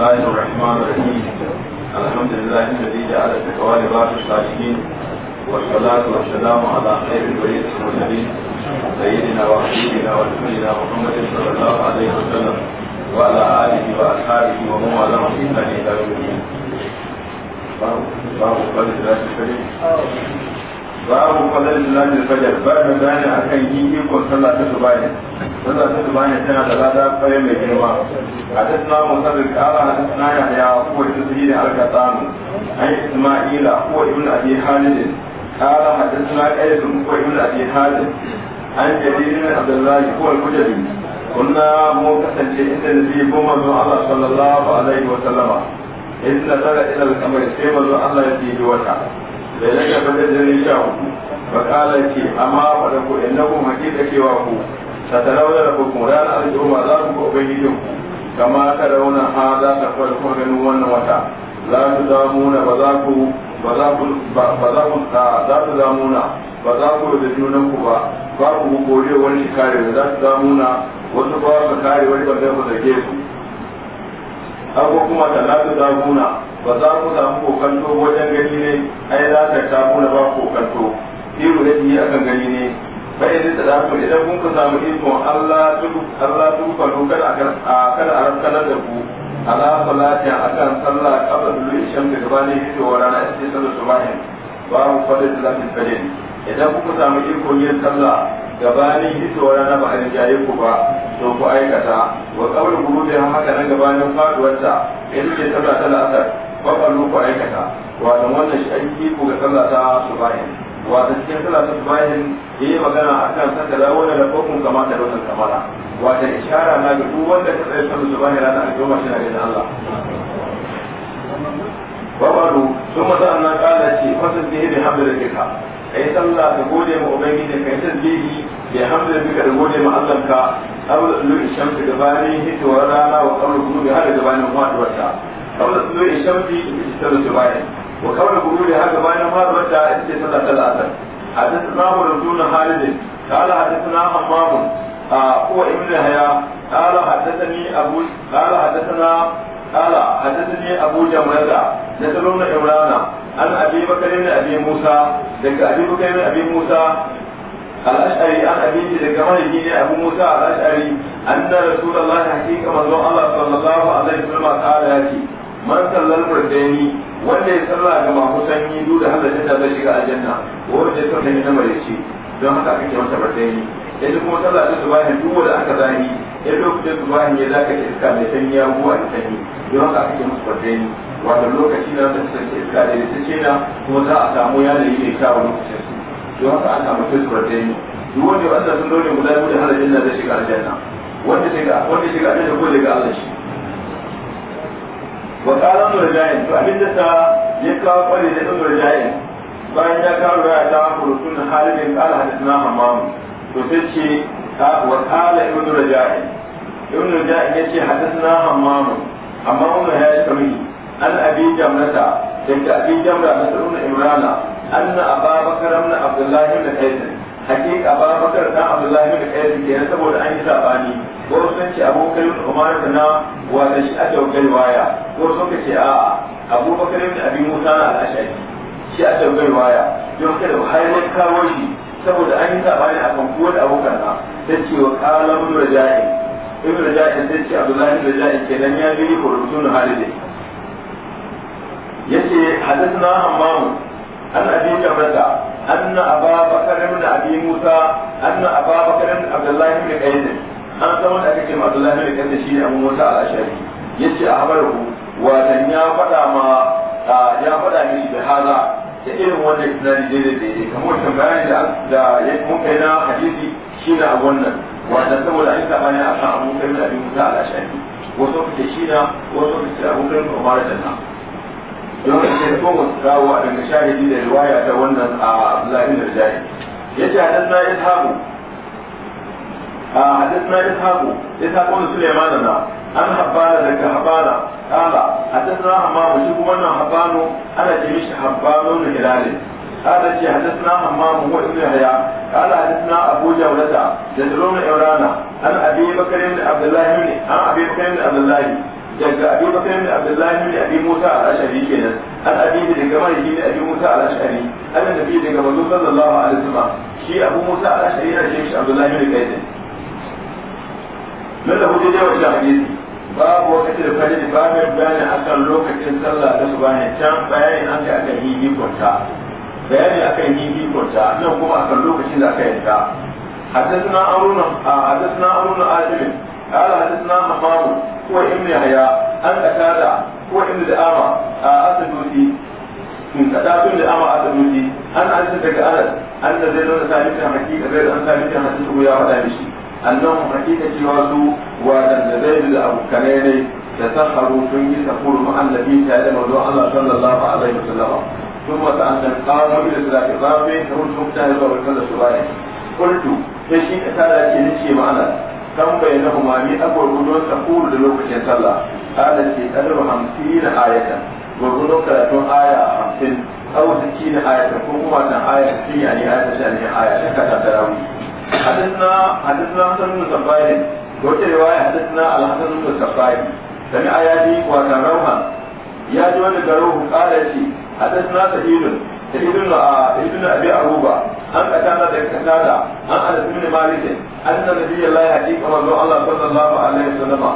الله الرحمن الرحيم الحمد لله الذي جعل التقوى لباس الصالحين والصلاة والسلام على خير الوليد والنبي سيدنا وحبيبنا ونبينا محمد صلى الله عليه وسلم وعلى آله وأصحابه ومن والاه إلا إلى يوم الدين. باب باب قدر الله الشريف. babu fadar lillahi fajar ba da a kan yi ikon sallah ta subaya sallah ta subaya tana da lada fare mai girma a hadisna musabir kala hadisna ya ya ko ta sahihi al-qasan ay isma'ila ko ibn abi halid kala hadisna qais ko ibn abi halid an jabir bin abdullah ko al kunna mu kasance inda nabi goma zuwa Allah sallallahu alaihi wa sallama إذ نزل إلى الأمر كيف الله يأتي wata. bai na kafa da jirgin sha hudu ba kala ce amma faɗin ku in na ku haƙi da cewa ku ta talau da rafi kuma ranar al'umma za ku ga ubangijin ku kama ka ha za ta faɗi kuma ganin wannan wata ba za ku ba za ku za ba za ku da junan ba ba ku ku kore wani shikari ba za ku zamuna wasu ba ku kare wani ba zai ku zage kuma ta za ku zamuna ba za ku samu kokanto wajen gani ne ai za ta samu ba kokanto iru da yi akan gani ne bai da da ku idan kun ku samu ikon Allah duk Allah duk fa dokar akan akan arabkalar da ku ala salatin akan sallah kabar shan da gabanin wa rana sai ba mu babu da lafi fadil idan kuka samu ikon yin sallah gabanin wa rana ba a rijaye ku ba to ku aikata wa kabar gudu haka na gabanin faduwarta in ce sallah ta la'asar faɗaru ku aikata wato wannan shi an ku ga sallah ta subahin wato cikin sallah ta subahin ya yi magana a kan sanda da wani da kokun kama da wannan kamara wato ishara na ga duk wanda ta tsaye sallah subahin ranar al'umma shi na da Allah wabaru sun maza na kala ce fasir da yadda hamdar duka kai sallah da gode ma ubangiji kai tasbihi da hamdar duka da gode ma Allah ka aure lulu shamsu gabanin hitowar rana wa kaulu gudu har da gabanin faduwar ta قبل طلوع الشمس صلاة الباين وقبل غروبها كمان مرة صلاة العصر حدثنا مرسول خالد قال حدثنا حمام هو ابن هيا قال حدثني أبو قال حدثنا قال حدثني أبو جمرة نسلون عمران عن أبي بكر بن أبي موسى ذكر أبي بكر بن أبي موسى الأشعري عن أبيه ذكر من أبو موسى الأشعري أن رسول الله حقيقة من الله صلى الله عليه وسلم قال يأتي man sallar fardani wanda ya salla ga mahusan sanyi duk da halalin da zai shiga aljanna ko wanda ya salla ne na marece don haka ake masa fardani ya duk kuma sallah ta subahin duk wanda aka zani ya lokacin subahin ya zaka ta iska mai sanyi ya buwa da sanyi don haka ake masa fardani wato lokaci na zai kasance iska da ita ce na kuma za a samu yanayi mai kyawun lokacin su don haka an samu ta fardani duk wanda wanda sun dole guda biyu da halalin da zai shiga aljanna wanda shiga wanda shiga aljanna ko daga Allah shi wa ƙarar murjayin to abin da ta ya kawo kwale da ɗin murjayin bayan ya kawo raya ta kurutun halin ƙala hadisna hamamu to sai ce wa ƙala ibn murjayin ibn murjayin ya ce hadisna hamamu amma wannan ya yi tsarki an abi jamrata daga abi jamra na tsaruna imrana an na ababakar na abdullahi da kaisin hakika ababakar na abdullahi da kaisin saboda an yi sabani ko sun ce abu bakar ibn umar da na wata shi a tawakar waya ko sun ka ce a'a abu bakar abin abi musa na al'ashari shi a tawakar waya don kada buhari ya kawo shi saboda an yi sabani a kan kowa da abokan na ta ce wa kala ibn raja'i ibn raja'i ta ce abdullahi ibn raja'i kenan ya bi ko rutun halide yace hadathna hammamu an abi jamrata anna aba bakar ibn abi musa anna aba bakar ibn abdullahi ibn qayyim an san wanda aka ce ma Abdullahi bin Kanda shi ne Abu Musa al-Ashari yace a habaru watan ya faɗa ma ya faɗa mishi da haza da irin wanda tunani daidai daidai kamar tambayan da ya muka na hadisi shi na wannan watan saboda an saba ne a kan Abu Bakar da Abu Musa al-Ashari wasu kace shi na wasu kace Abu Bakar da Umar da na don haka sai kuma su a daga shahidi da riwaya ta wannan a Abdullahi bin Rajai yace hadan na ishabu حدثنا إسحاق إسحاق بن سليمان عن حبان ذكر حبان قال حدثنا حمام شوف من حبان أنا جميش حبان بن هلال قال شي حدثنا حمام هو ابن يحيى قال حدثنا أبو جولة جدرون إورانا عن أبي بكر بن عبد الله بن عن أبي بكر بن عبد الله daga Abu Bakar bin Abdullah bin Abi Musa al-Ash'ari kenan an abi da daga mai bin Abi Musa al-Ash'ari an nabi daga manzo sallallahu alaihi wasallam shi Abu Musa al-Ash'ari ne shi Abdullah bin Qays dole ku je wa ila hadisi babu wakati da fari babin bayani akan lokacin sallah da subhanahu can bayani an ga akan yi bikonta bayani akan yi bikonta nan kuma akan lokacin da aka حدثنا أرون حدثنا أرون آدم قال حدثنا حمام هو ابن يحيى أن أكاد هو ابن الأمة أسدوسي من كتاب ابن الأمة أسدوسي أن أنس أنس أن زيد بن ثابت حكيم زيد بن ثابت حكيم يا ولد annahum hakika cewa su waɗanda zai bi da abu kare ne da ta haru sun yi ta furu ma'an da fi ta yada mazo Allah sallallahu alaihi wa sun wata an dan da zirafi ta wuce sun ta yi zuwa wakil da su bayan kultu ke shi ka tara ke ni ce ma'ana kan bayyana kuma ni a gurgudo da lokacin sallah kada ce ɗarar hamsin na ayatan gurgudo karatun aya a hamsin ta ci na ayatan ko kuma ta aya ta ciyani aya ta shani aya ta kasa tarawih حدثنا حدثنا حسن بن صفاين وفي رواية حدثنا الحسن بن صفاين سمع يدي وتروها يا جوان قالوه قال شيء حدثنا سعيد سعيد ابن ابي عروبه عن قتاده قتاده عن انس بن مالك ان نبي الله يحكيك رسول الله صلى الله عليه وسلم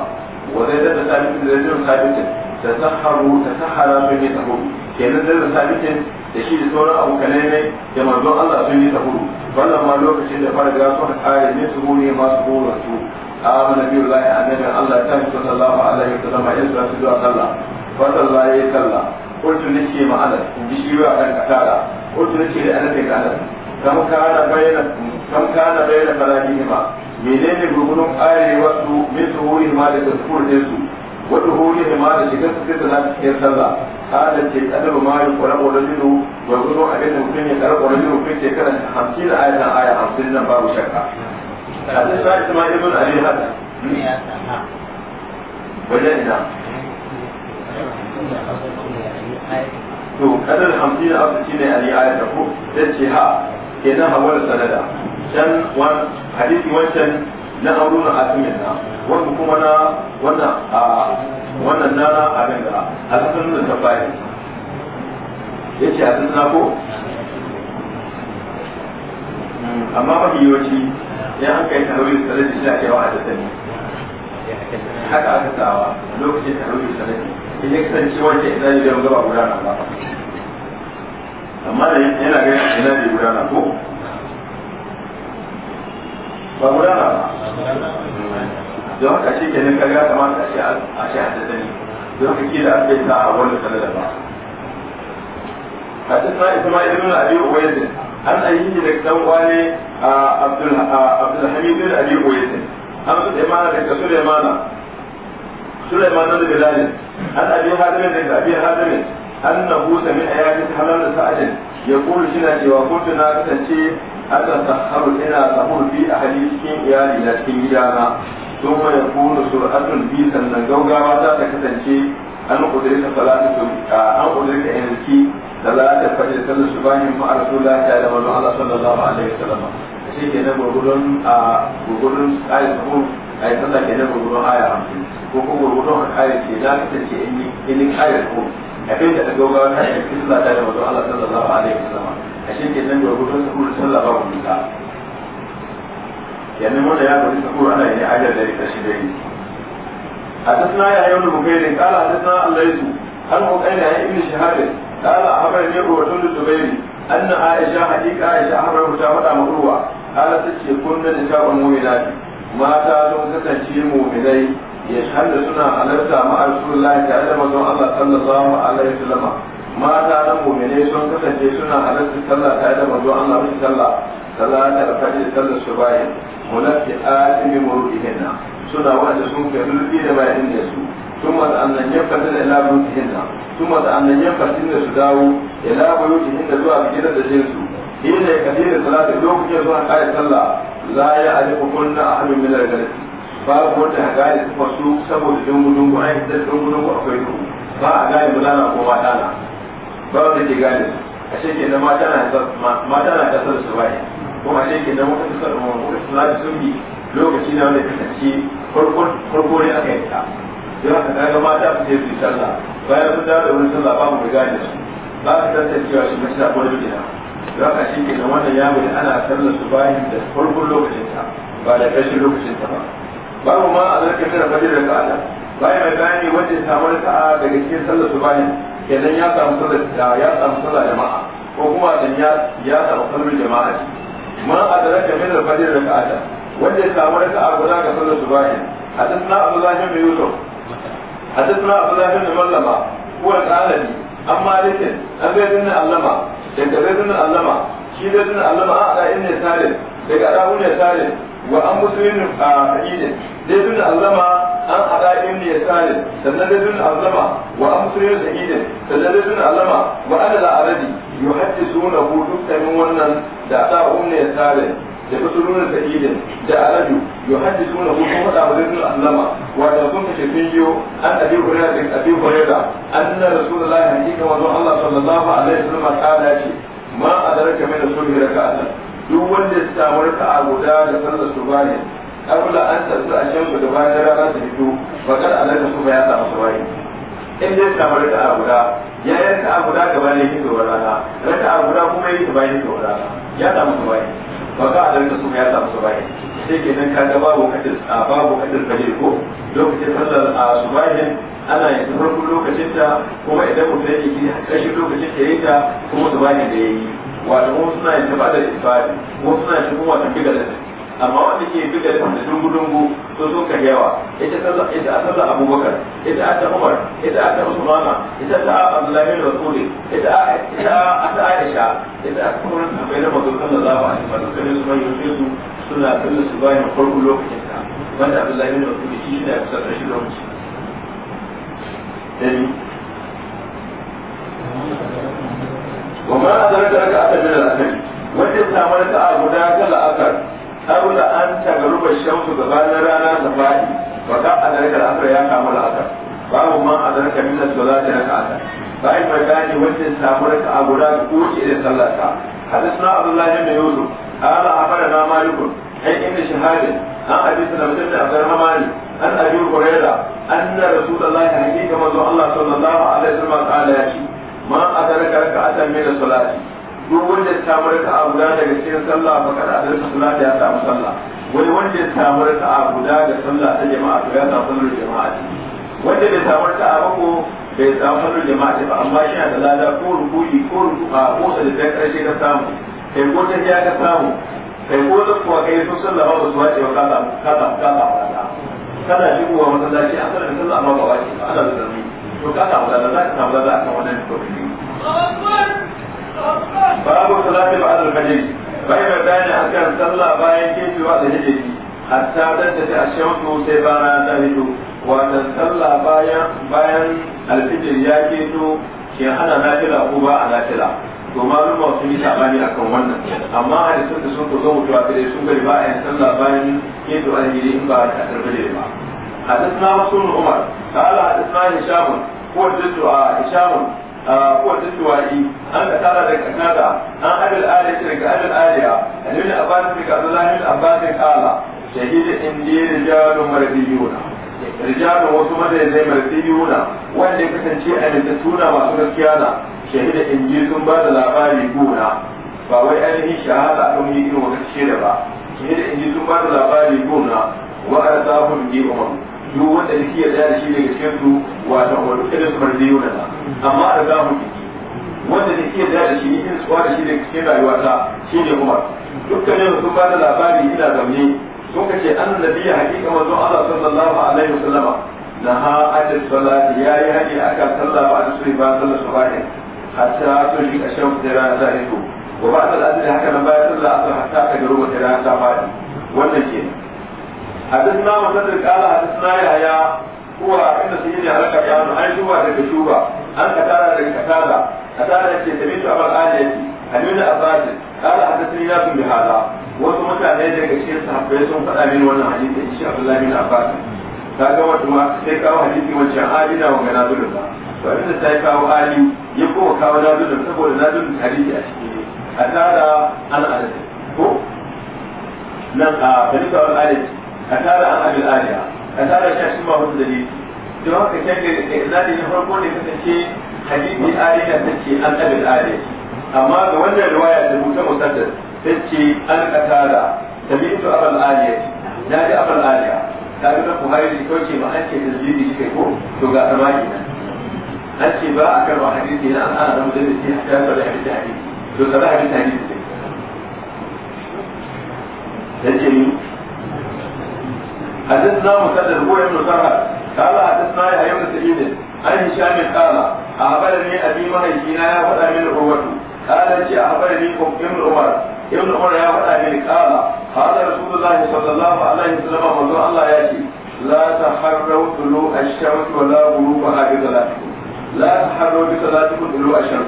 وزيد بن ثابت زيد بن ثابت تسحروا تسحر من يتهور kenan zai da sabitin da shi da sauran abokanai ne da manzon Allah sun yi tahuru wannan ma lokacin da fara ga sun kare ne su ne masu gora su amma nabi wallahi annabi Allah ta yi sallallahu alaihi wasallam ya sa su zuwa sallah fa sallah ya sallah ne ke ma Allah in ji shi wa kan kasara ne ke da Allah kai Allah kam kana bayyana kam kana bayyana farahima menene gurgunun arewa wasu min su ne ma da tafkur su ودخوله ما لشكل ستة في صلى هذا الشيء ما يقرأ رجل ويقول أبن مسلم يقرأ رجل في شكل حمسين آية آية حمسين باب شكا هذا الشيء ما يقول علي هذا وجدنا to kadar hamsin da abu shine ali ayat da ku sai ce ha kenan hawar sanada can wan hadisi wancan na a cikin na wanda kuma na wannan a wannan na abin da alhassan da ta bayan ya ce asin na ko hmm, amma mafi yawanci ya an kai tarawih salat da shi ake wa hadasani haka aka sawa lokacin tarawih salat in ya kasance wanda idan ya gaba gudana ba amma da yana ganin idan ya na ko saboda don haka shi ke nan kariya kamar da shi a shi a tattali don haka da an bai ta wani kala da ba a cikin sa'i kuma irin na abi uwaisi an a yi da kan wani a abdulhamidin abi uwaisi an su da mana daga suleimana suleimana da gilani an abi hadimin da abi hadimin an na busa mai a yakin halar da sa'ajin ya kuru shi na cewa kotu na kasance akan saharu ina sahur fi a cikin iyali na cikin gidana don mai kuru sur'atun bi sannan gaugawa za ta kasance an kudurta salatu an kudurta yanki da za ta fadi sallar su bayan ma rasulullah ta da manzon Allah sallallahu alaihi wa wasallam shi ke na gurgurun a gurgurun ayat sahur ayat sallah ke na gurgurun aya hamsin ko ko gurgurun ayat ce za ta kasance in in ayat ko abinda da gaugawa ta yi sallah ta da manzon Allah sallallahu alaihi wa wasallam a shi ke san gobe don sukuru sallaba wa musa yanni mo da ya gobe sukuru ana yi ajiyar da rika shi dai a tattuna ya yau da bukari kala a tattuna allah har mu kai da ya yi ilishi hadin kala a haɓar ne ko wato da dubai an na aisha haƙiƙa ya sha haɓar ta faɗa ma urwa kala ta ce kun da ta ban mu ilaji mata sun kasance mu ilai ya shahada suna halarta ma'a lafiya tare da mazan allah sallallahu alaihi wa sallam mata na mu'mine sun kasance suna halarci sallah tare da manzo Allah bin sallah salatar fajr sallar subahi mulaki atimi murqihinna suna wanda sun kai lulli da bayan da su sun ثم أن ينفتن إلى بيوتهن ثم أن ينفتن سداو إلى بيوتهن a بجنة جنسو da كثير صلاة اليوم يزوا قال صلى لا يعرف كل أحد من الجنس باب وانت هقال تفسوق سبو لجنب جنب عين تجنب جنب أخيره ba a gane mulana ko matana ba wanda ke gane a shekin da mata na kasar su baya kuma a shekin da muka kasar musulmi sun bi lokaci na wanda kasance farko ne aka yi ta don haka kaga mata su ce su yi sallah bayan sun dawo da wani sallah ba mu gane su ba ka cewa shi mace na ko namiji yau ka a shi da wannan ya ne ana sallar su bayan da lokacin lokacinta ba da ƙarshen lokacinta ba mu ma a zarkar da fajir da ka'ada bayan mai bayani wajen samar ka'a daga cikin sallar su bayan kenan ya samu da ya samu sallar jama'a ko kuma dan ya ya samu sallar jama'a ma adraka min al-fajr ka'ada wanda ya samu raka'a guda ga sallar subahi hadathna abdullah bin yusuf abu abdullah bin mallama huwa al an amma lakin an zai dinna allama daga zai dinna allama shi zai dinna allama a da inna salim daga dawun ya salim wa an musulmin a sa'idin dai dun azama an hada ibn yasanin sannan dai dun azama wa an musulmin sa'idin sannan dai dun azama wa ana da aradi yuhaddisuna hu dukkanin wannan da ta ya yasanin da fasulun sa'idin da aradu yuhaddisuna hu kuma da dun azama wa da sun kace sun yiwo an abi hurairah bin abi hurairah anna rasulullahi hakika wa Allah sallallahu alaihi wasallam qala ce ma adaraka min sulhi raka'atan duk wanda ya samu ka a guda da sallar subani kabla an tafi a shan da bayan rana ta fito bakar alaƙa su ya samu su subani in dai samu ka a guda ya yi ka a guda gaba ne yake tsoron rana raka a guda kuma yake bayan tsoron rana ya samu su subani baka alaƙa su ya samu su subani sai ke nan kaga babu kadir a babu kadir kadir ko lokacin sallar a subahin ana yin farko lokacin ta kuma idan mutum ya yi kashi lokacin ta yi ta kuma bane da ya yi wato wasu suna yin taba da isfari wasu suna yin kuma wata bigar da amma wanda ke bigar da dungu dungu to sun ka yawa ita sallah ita sallah abubakar ita ta umar ita ta usmana ita ta abdullahi da rasuli ita ita ta aisha ita ta kuma sahabbai da mazo sallallahu alaihi wasallam sai su mai yusu su suna sallah su bayan farko lokacin ta wanda abdullahi da rasuli shi ne kusa da shi lokaci وما ka adadin rahim wajen samar ka abu da ka la'akar abu da an tagaru ba shamsu gabanin rana da fadi ba ka ka rahim ya kama la'akar babu ma adadin rahim da za ta yi ka ba bayan mai gani wajen samar ka abu da ku ce da sallaka hadis na abdullahi bin yusuf ala afara na malikun ai inda shahadin an abin na mutum da abdar hamani an abin hurera an na rasulallah ya hakika zuwa allah sallallahu alaihi wasallam ta ala ya ce ما أدرك ركعة من الصلاة duk wanda ya samu raka'a guda daga cikin sallah fa kada da sallah ya samu sallah wani wanda guda da sallah ta jama'a to ya samu sallar jama'a wanda bai samu ba ko bai samu sallar jama'a ba amma shi da lada ko rukuyi ko rukuka ko da ta karshe ka samu kai ko ta ya ka samu kai ko da kuwa kai sallah ba su wace ba ka samu ka samu ka samu kana shigowa masallaci an sallar sallah amma ba wace ba ana da zarmi to ka samu da za ka samu da za ka wannan to babu salati ba da kaje, bai da dani akan sallah bayan kebewa da hijiri hatta da ta ashamsu sai bana ta hito wata sallah bayan bayan alfijir ya ke to, ke hana na kira ko ba a kira. to malum sun yi sabani akan wannan amma hadisin da sun kuzo mutuwa da sun bari ba a yin sallah bayan keto alhiri in ba a tarbi ba حدثنا رسول عمر قال حدثنا هشام هو a هشام ko da tuwari an ka tara daga kanada an adal aliyah daga adal aliyah an ibn abbas daga abdullahi ibn abbas qala shahid indi rijalun marbiyuna rijalun wasu madaidai marbiyuna wanda ya kasance a da suna masu gaskiya na shahid indi sun ba da labari gona ba wai ainihin shahada an yi irin wata shaida ba shahid indi sun ba da labari gona wa arzahun bi umar duk wanda yake yarda da shi daga cikin su wato wani irin marjiyu na amma da za mu jiki wanda ne ke da da shi ni in tsuwa da shi da cikin rayuwata shi ne kuma dukkanin sun ba da labari ina zaune sun kace annabi ya hakika manzon Allah sallallahu alaihi wa sallama na ha ajin salati yayi haji akan sallah ba da suri ba sallah subahi hatta to shi a shan fitira da hito wa ba da haka nan bayan sallah asar hatta ka garo mata da ta faɗi wannan ke hadisna wa sadr qala hadisna ya kuwa inda sun yi ne halaka ta hannu an shuba daga shuba an katara daga katara katara ce da mitu amal aliyati alimin abbas qala hadathani nasu bi hala wasu mutane daga cikin sahabbai sun faɗa min wannan hadisi shi abdullahi bin abbas kaga wato ma sai kawo hadisi wancan alina wa ganadulun ba to abin da sai kawo ali ya kuma kawo na nadulun saboda nadulun hadisi a ciki ne a tara an adadi ko nan a bani kawo ali a tara an abin aliya a tsara shi a cikin ba wani dalili don haka kyan da na farko ne kasance hadisi ariya ta ce an ɗabin ariya amma ga wannan riwaya da rubuta musaddad ta ce an ƙasara sami'tu abal ariya na ji abal ariya ta ga nan buhari da kauce ma an ce dalili shi kai ko to ga samaki nan an ce ba a karɓa hadisi na an ana da mutum da ke hadisi da hadisi hadisi to kada hadisi hadisi ne. Yace ni حدثنا مسدد هو ابن سرهد قال حدثنا يحيى بن سعيد عن هشام قال اخبرني ابي مهيجينا يا فدا من عروته قال جاء اخبرني ابن عمر ابن عمر يا فدا من قال هذا رسول الله صلى الله عليه وسلم منذ الله ياتي لا تحروا طلوع الشمس ولا غروبها بصلاتكم لا تحروا بصلاتكم طلوع الشمس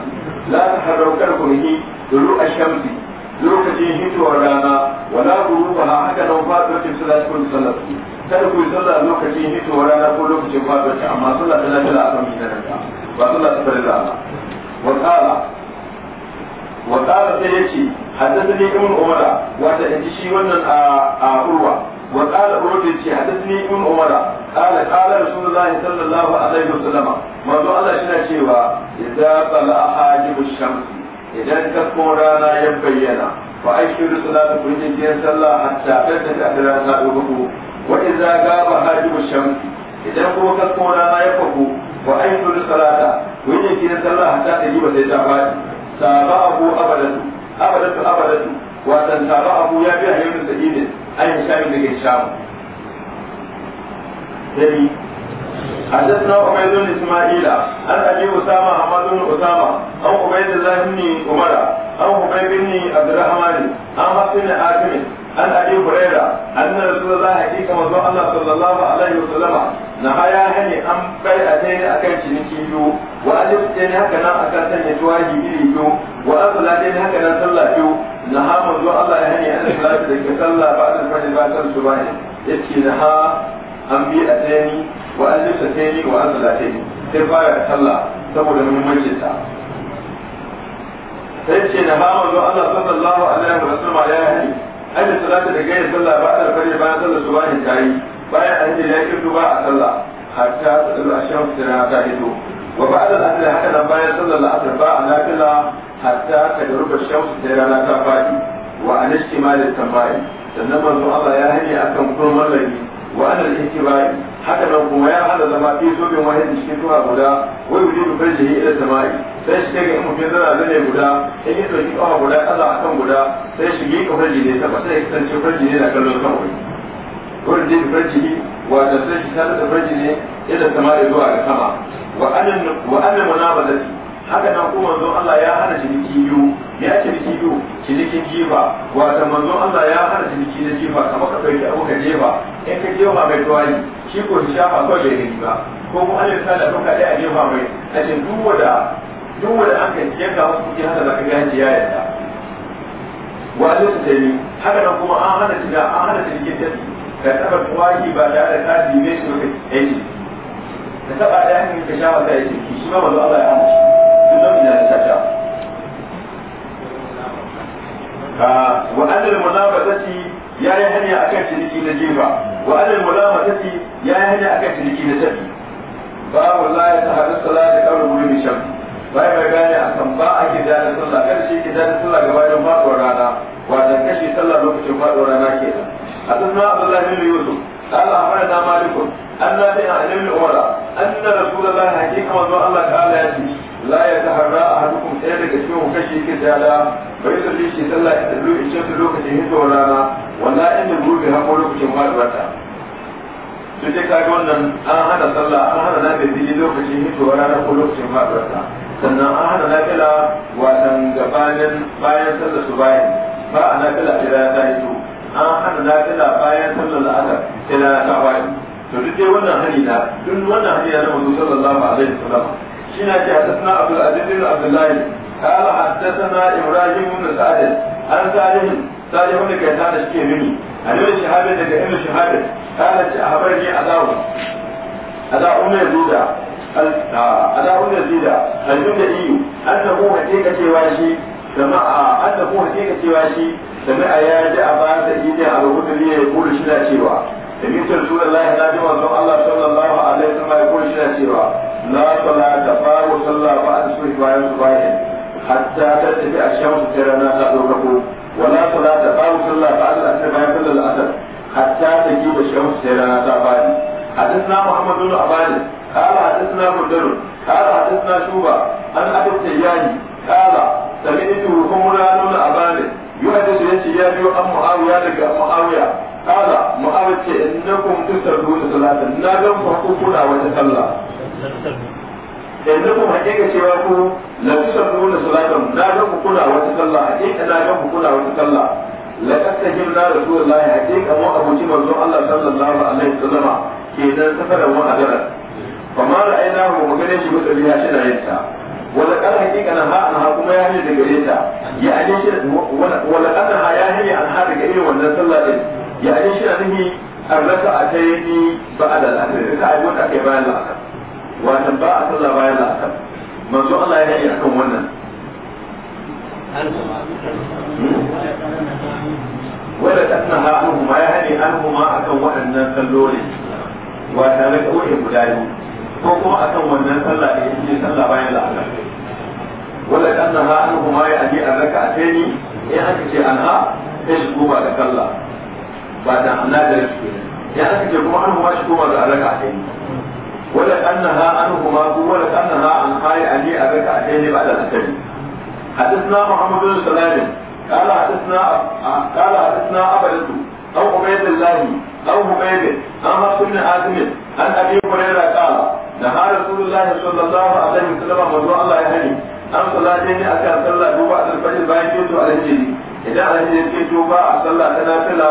لا تحروا كركم طلوع الشمس lokacin hitowar rana wala guruba ha haka nan fadokin su da cikin sallar su kada ku yi sallar lokacin hitowar rana ko lokacin fadokin amma sallar ta lafiya a kan minar da ba sallah ta farilla ba wa qala wa qala sai yace haddathani ibn umara wata yaji shi wannan a a urwa wa qala urwa yace haddathani ibn umara qala qala rasulullahi sallallahu alaihi wasallam manzo Allah shi na cewa idza tala'a hajibu shams idan ka ko rana ya bayyana fa ashiru salatu kun yi jiyan sallah hatta ta ta ta rana ta ku wa idza gaba hajibu shamsi idan kuma ka ko rana ya faku wa ashiru salata kun yi jiyan sallah hatta ta yi ba sai ta fadi saba'ahu abadatu abadatu abadatu wa tan saba'ahu ya bi hayyin sa'idin an shamin da ke shamu dai حدثنا عبيد بن اسماعيل عن ابي اسامه حماد بن اسامه عن عبيد الله بن عمر عن عبيد بن عبد الرحمن عن حفص بن حاتم عن ابي هريره ان رسول الله حقيقه مزوع الله صلى الله عليه وسلم نهى هني ان بيعتين اكن ciniki biyu wa aliftain haka nan akan sanya tuwaji iri biyu wa azlatain haka nan sallah biyu naha manzo Allah ya hani an salati da ke sallah ba da fajr ba ta subahi yace naha an bi wa an lissa ta yi wa an zala ta yi sai fara da sallah saboda muhimmancin ta sai ce na ba manzo Allah sallallahu alaihi wa sallam ya hani an salata da gaira sallah ba da fari bayan sallar subahin tayi bayan an ce ya kirdu ba a sallah hatta sallar shan tana ta hito wa ba'da al-asr haka nan bayan sallar al-asr ba a nafila hatta ka da rubar shamsu da rana ta fadi wa an ishtimal al-tamai sannan manzo Allah ya hani akan kurmar lagi وأنا الانتباه حتى لو كما يا هذا لما في سوق واحد يشكيتها غدا ويريد فرجه إلى السماء سيشتكي أم في ذرة لن يغدا إن يتوجيكها غدا ألا أكم غدا سيشتكي فرجه سبا سيكتنش فرجه لكن لو سمعي ويريد فرجه وتسيش ثالث فرجه إلى السماء يدوى السماء وأنا وأنا منابذتي haka nan kuma zo Allah ya hana shi biyu ya ce kiyo cinikin jifa wata manzon Allah ya hana ciniki na jifa kamar ka ɗauki abu ka jefa in ka jefa mai tuwali shi ko shi shafa kawai bai gani ba ko kuma Allah ta da ɗauka ɗaya a jefa mai a ce duk wanda duk wanda an ka yanka wasu kuɗi haka za ka gane ya yarda wa Allah ta ni haka nan kuma an hana shiga an hana cinikin tafi ka taɓa tuwali ba da ka dime mai su ka yi ka taɓa ɗaya ka shafa ta yi ciniki shi ma manzo Allah ya hana shi duk da ina da shasha wa annal mulabazati ya yi hanya akan ciniki na jiba wa annal ya yi hanya akan ciniki na tabi babu la ya tahadu salata da qawlu mulmi sham bai mai gane akan ba a kidanin sallah karshe kidanin sallah gabanin faduwar rana wajen kashe sallah lokacin faduwar rana kenan حدثنا عبد الله بن يوسف قال اخبرنا مالك ان نافع عن ابن عمر ان رسول الله حكيم وزوى الله تعالى يأتي لا ya taharra إلا ɗaya daga cikin ku kashi ke tsada bai da shi sallah ya tsallu in ce lokacin hito rana wala in da gobe lokacin هذا su ce kaga wannan an hana sallah an hana na da fili lokacin hito rana ko lokacin faduwarta sannan an hana na fila watan gabanin bayan sallah su bayan ba a na to duk dai wannan hari na duk wannan hari na mutum sallallahu alaihi wasallam شنا حدثنا عبد العزيز بن عبد الله قال حدثنا ابراهيم بن سعد عن صالح صالح بن كيسان الشيباني عن ابن شهاب ابن شهاب قال اخبرني اداو اداو بن يزيد اداو بن يزيد الجندي انه حقيقه cewa shi jama'a annahu hakika cewa shi jama'a ya ji a bayan da shi ne a rubutun ya kula shi da cewa da mitar sura Allah ya ji manzon Allah sallallahu alaihi wasallam ya sun bayan su bayan hatta ta tafi a shan fitara na ta zo wala sala ta sallah ba Allah ta bayan sallah al'asar hatta ta ji da shan fitara na ta bayan hadisi na muhammadu na abani kala hadisi na mudaru kala na shuba an abu tayyani kala sami ita rufin murano na abani yuhadi su yace ya biyo an muawiya daga muawiya kala muawiya ce inda kuma tusar dole salatin na don fa kuka wata sallah yanzu ku hakika cewa ku la tusallu la salatan na ga ku kula wata sallah hakika na ga ku kula wata sallah laqad tajibna rasulullahi hakika mu abuci manzo Allah sallallahu alaihi wasallama kenan safaran wa adaran kuma ra'ayna mu magana shi mutum ya shi da yinta wala kan hakika na ha an kuma ya ne daga yinta ya aje shi wala kan ha ya ne an ha daga irin wannan sallah din ya aje shi da nihi arraka atayni ba'da al-asr ka ai wanda kai bayan al-asr wata ba a sallah bayan la'asar manzo Allah ya yi akan wannan wadda hmm? ta tana ha'ahu ma ya hane an kuma akan waɗannan salloli wata na ƙauye guda biyu ko kuma akan wannan sallah da ya sallah bayan la'asar wadda ta tana ha'ahu ma ya aje an raka a teni ya aka ce an ha sai shi goma da sallah ba da Allah da shi ya aka ce kuma an kuma shi goma da raka a teni ولا أنها أنهما ولا أنها عن قال علي أبك أتين بعد الأسد حدثنا محمد بن سلام قال حدثنا قال حدثنا أبلد أو عبيد الله أو عبيد عن حفص بن حاتم عن أبي هريرة قال نهى رسول الله صلى الله عليه وسلم مدعو الله يهدي an salatin ne aka sallah duba a alfajir bayan keto alhijiri idan alhijiri ke duba a sallah ta nafila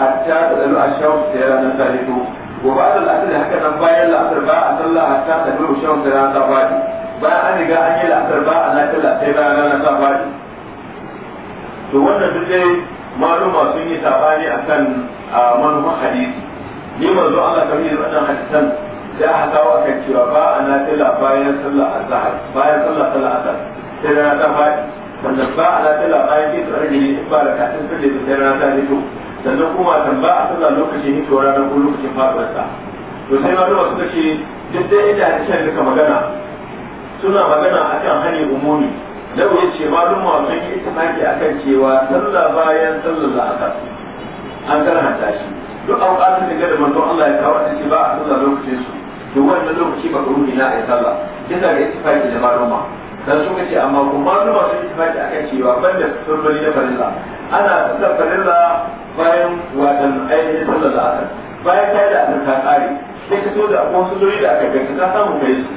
hatta ta dalu a shawar ta yana nan ta hito wa ba da la'asar haka nan bayan la'asar ba a sallah a ta nuru shan da rana ta fadi bayan an riga an yi la'asar ba a lafiyar la'asar bayan na ta fadi to wannan duk dai maluma sun yi a kan manuma hadisi ni manzo Allah kamar yanzu wannan hadisan da hasawa kawo akan cewa ba a nafila bayan sallah a azhar bayan sallah sallah azhar sai rana ta fadi sannan ba a nafila bayan yin tsarki ne ba da kafin fitr da sai na ta fito sannan kuma tamba a lokaci lokacin hito ranar ko lokacin faɗuwarsa to sai malama suka ce duk da yadda hadisan duka magana suna magana kan hanyar umumi lau ya ce malama sun yi a kan cewa sallah bayan sallar la'asar an karanta shi duk an ƙasa daga da manzon Allah ya kawo ce ba a sallah lokacin su to wannan lokaci ba ruhi na a sallah bisa ga itifaki da ma dan suka ce amma kuma malama sun yi a kan cewa banda salloli da farilla ana sallar farilla bayan watan ainihin sallar da asar bayan ta yi da abin ta sai ka so da akwai wasu zuri da aka ganta ka samu kai su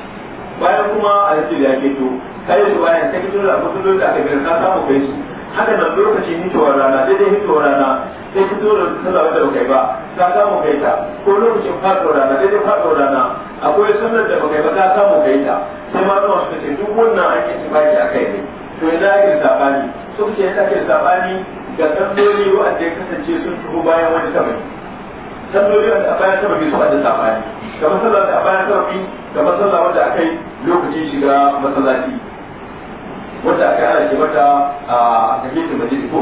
bayan kuma a yake da yake to kai su bayan sai ka so da akwai wasu zuri da aka ganta ka samu kai su haka nan lokaci hitowar rana daidai hitowar rana sai ka da sallar da kai ba ka samu kai ta ko lokacin faɗuwar rana daidai faɗuwar rana akwai sallar da baka ba ka samu kai ta sai ma zuwa suka ce duk wannan an yi tibaki a kai ne to yanzu ake sabani sun ce yanzu ake sabani ga salloli wa'anda ya kasance sun tuho bayan wani sababi salloli wanda a bayan sababi su da sabani ga matsala da a bayan sababi ga matsala wanda aka yi lokacin shiga masallaci wanda aka yi alaƙi ce mata a tafiyin majalis ko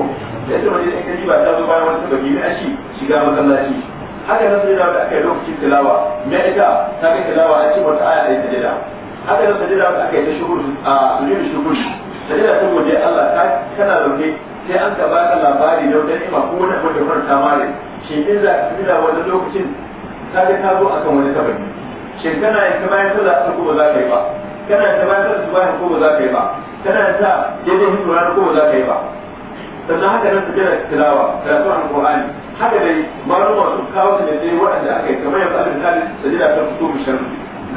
da ita majalis ɗan ba ta zo bayan wani sababi ne a shi shiga masallaci haka nan sai da aka yi lokacin tilawa me ita ta kai tilawa a cikin wata aya da ita jira haka nan sai da aka yi ta shuhur a sujud sai da ta waje Allah ta kana zaune sai an ka baka labari da wata ni'ima ko wani abu da faranta mare shin in za ka gida wani lokacin ka ga ka zo akan wani kabari shi kana yin ta bayan sallah ko ba za ka yi ba kana yin ta bayan sallah subhan ko ba za ka yi ba kana yin sa daidai hindu ranar ko ba za ka yi ba sannan haka nan tafiya da tilawa karatu a Qur'ani haka dai malama su kawo su da dai waɗanda aka yi kamar yanzu abin da sajida ta fito bishan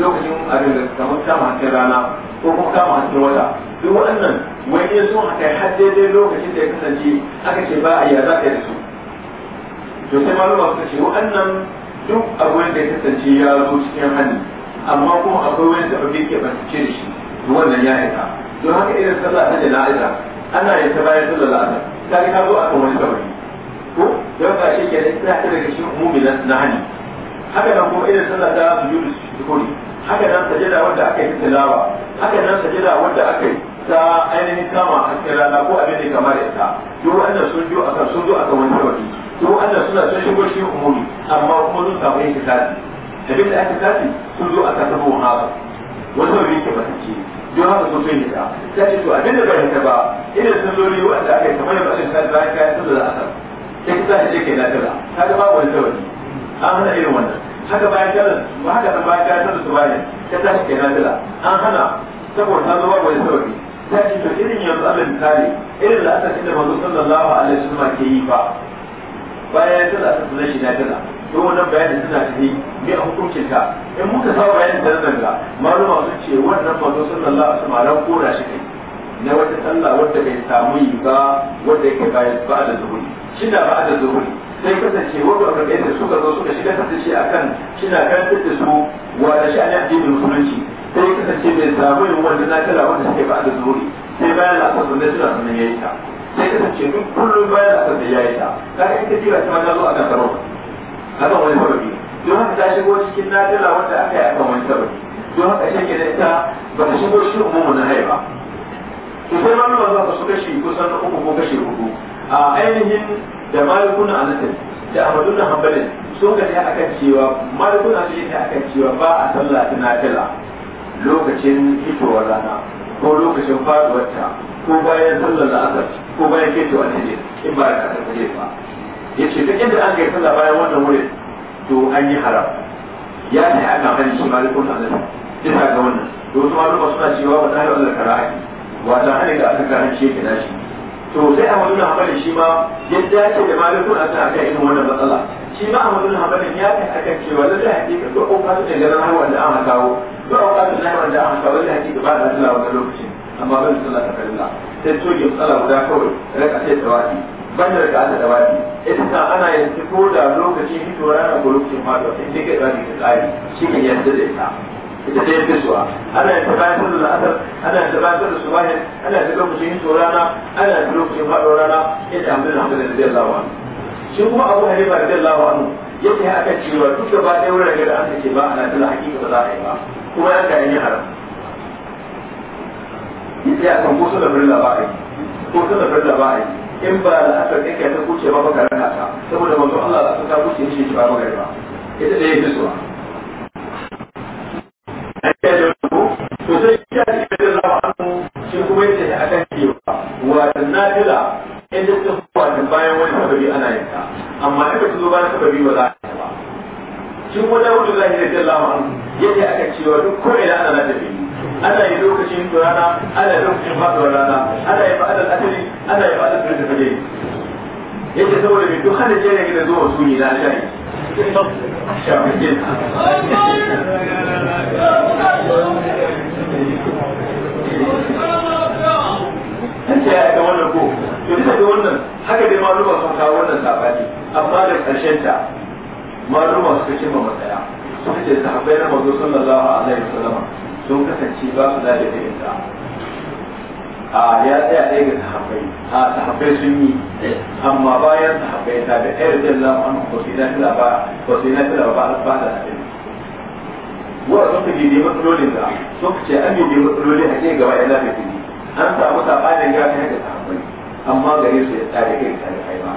lokacin abin da kamar kama hankin rana ko kuma kama hankin wata duk waɗannan wani ya zo haka har daidai lokacin da ya kasance aka ce ba a yi za ka yi su to sai malama suka ce wa'annan duk abin da ya kasance ya zo cikin hannu amma kuma akwai wani sababbin ke ba su ce da shi wannan ya aika don haka irin sallah ta jana'iza ana yin ta bayan sallah la'asar ta ga zo a kan wani sababbi ko don ka shi ke da ita ta daga cikin umumi na hannu haka nan kuma irin sallah ta sujudu sukuri haka nan sajada wanda aka yi tilawa haka nan sajada wanda aka yi ta ainihin kama hasken rana ko abin da kamar ita duk wanda sun zo akan sun zo akan wani sababi duk wanda suna sun shigo shi umuri amma kuma sun samu yin kitabi abin da aka tafi sun zo akan sabo haka wani yake ba ce don haka sun fi nika ta ce to abin da ba ta ba idan sun zo ne wanda aka yi kamar da bashin ta bayan kayan sun da asar ta kita ta ce ke na tara ta ga babu wani sababi an hana irin wannan haka bayan tara ba haka bayan kayan sun da su bayan ta tashi ke na tara an hana saboda ta zo babu wani sababi sai ce to irin yanzu Allah misali irin da aka da manzo sallallahu alaihi wasallam ke yi ba baya ya tada ta shi na tada to wannan bayani suna tafi me a hukuncin ta in muka sa bayanin da nan ga maluma sun ce wannan manzo sallallahu alaihi wasallam ran kora shi kai na wata sallah wadda bai samu yi ba wadda yake bayan ba da zuhuri shi da ba da zuhuri sai kasance wanda aka kai da suka zo suka shiga kasance akan shi na kan da su wa da shi ne da musulunci sai kasance mai samu yin na kira wanda suke ba da zuri sai bayan la'asar da dai suna sunan ya yi ta sai kasance duk kullum bayan la'asar da ya yi ta ka ta ita jira ta ta zo a kan akan wani sababi don haka ta shigo cikin nafila wanda aka yi akan wani sababi don haka shi ke da ita ba ta shigo shi umumu na haifa. to sai ma nuna za su kashe kusan uku ko kashi hudu a ainihin da malikuna a nasir da amadu na hambalin sun gani akan cewa malikuna su yi akan cewa ba a sallah ta nafila lokacin fitowar rana ko lokacin faruwarta ko bayan sallar da aka ko bayan ne ne in ba da alhijir ba ya ce duk inda an kai sallah bayan wannan wurin to an yi haram ya aka an shi ma shi malikun alhijir bisa ga wannan to wasu maluma suna cewa wa ta Allah karai wa ta hanyar da aka karan shi ke dashi to sai a wannan hamalin shi ma ya ce da malikun alhijir aka irin wannan matsala shi ma a wannan hamalin ya kai aka cewa lallai hakika ka ƙoƙarin da ganin haihuwa da an kawo ba a wakatun na wanda an kawai da haƙi ba da sallah wani lokaci amma ban sallah ta farilla sai soke sallah guda kawai raka sai tawaki ban da raka ta tawaki ita ana yanzu ko da lokaci fitowa rana ko lokacin fatuwa sai dai kai tawaki ta tsari shi ta da ita ta suwa ana yanzu bayan sallah asar ana yanzu bayan sallah subahin ana yanzu lokacin fitowa rana ana yanzu lokacin faɗuwa rana ita hamdulillah hamdulillah da lawa shi kuma abu ba da lawa ya ce haka cewa duk gaba ɗaya wurin da an ce ba ana tala hakika ba za a yi ba kuma yanka ya yi haram ya san ko sun da birla yi ko sun da birla in ba la'asar kake ta kuce ba saboda Allah ta kuce shi ba ita da ya kuma wata nafila ta bayan wani sababi ana yanka, amma in ba zo bayan sabari ba za shi ko da wani zai da Allah an yadda aka cewa duk ko ina ana na tafi ana yi lokacin rana ana yi lokacin faɗuwar rana ana yi fa'adar asali ana yi ba'adar da tafi yadda saboda bai duk hana jere gida zuwa su ne na shayi shafikin ta ya ga wannan ko to bisa ga wannan haka dai maluma sun kawo wannan sabani amma da karshen ta akwai cimma matsaya suka ce sahabbai na mazo sallallahu alaihi wasallam sun kasance ba su da daga inda a ya tsaya ɗaya ga sahabbai a sahabbai sun yi amma bayan sahabbai ta da ɗaya da Allah an ko sai na fila ba ko sai na fila ba ba da hadin wa sun ka gidi matsalolin da sun ce an gidi matsaloli a ke gaba ila da gidi an samu sabanin ya ta kai ga sahabbai amma gare su ya tsare kai tsare kai ba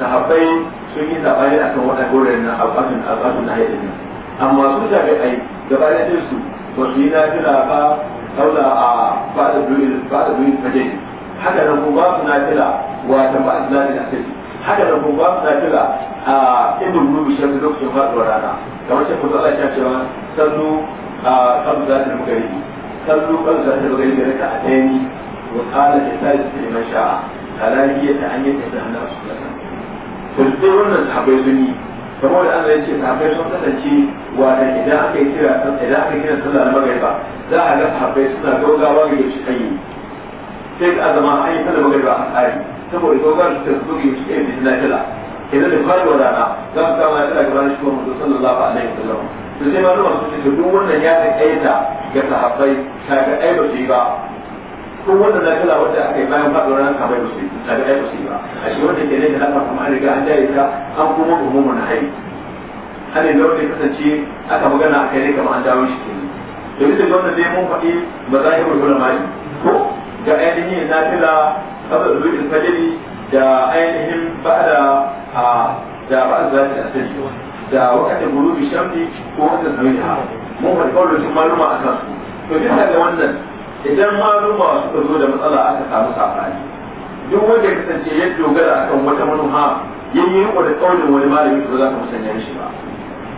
sahabbai sun yi sabani a kan waɗanda na alƙasun alƙasun na haidin nan amma sun shafi ai gaba da ɗin su ba su yi nafila ba saula a ba da duyin fajin haka nan kuma ba na nafila wata ba su nafila kai, haka nan kuma ba na nafila a inda nubi shafi lokacin faɗuwar rana kamar shafi su Allah ya cewa a kan zatin magaribi sallu kan zatin magaribi da ka a ɗaya ni wa da sa da su da sha'a yi ta hanyar da ta hana su to duk wannan sahabbai sun yi kamar da Allah ya ce sahabbai sun kasance wata idan aka yi kira idan aka yi kira sallah magariba za a ga sahabbai suna gaugawa ga yaushe kai sai ka zama an yi sallar magariba a tsari saboda gaugawa su ta zo ga yaushe kai da kila idan da fari fara rana za su kama kira ga ranar shugaban mutum sallallahu alaihi wa sallam, to sai ma zuwa su ce duk wannan ya ta kaita ga sahabbai ta ga aiba su yi ba ko wannan nakala wanda aka yi bayan faɗo ranar kamar da su ta ga aiko ba a shi wanda ke nan da haka kuma an riga an jaye ta an kuma umumun hari hali da wanda kasance aka magana a kai ne kamar an dawo shi ke ne to bisa wannan dai mun faɗi ba za a yi wani mali ko ga ainihin na yin nakala da zuwa fajiri da ainihin ba da da ba da zai da asali da wakatin gurubi shamdi ko wanda zuwa mun faɗi kawai da su maluma a kansu to bisa ga wannan idan maluma suka zo da matsala aka samu sabani duk wanda ya kasance ya dogara akan wata manoma ya yi riko da tsaunin wani malami to za ka musanya shi ba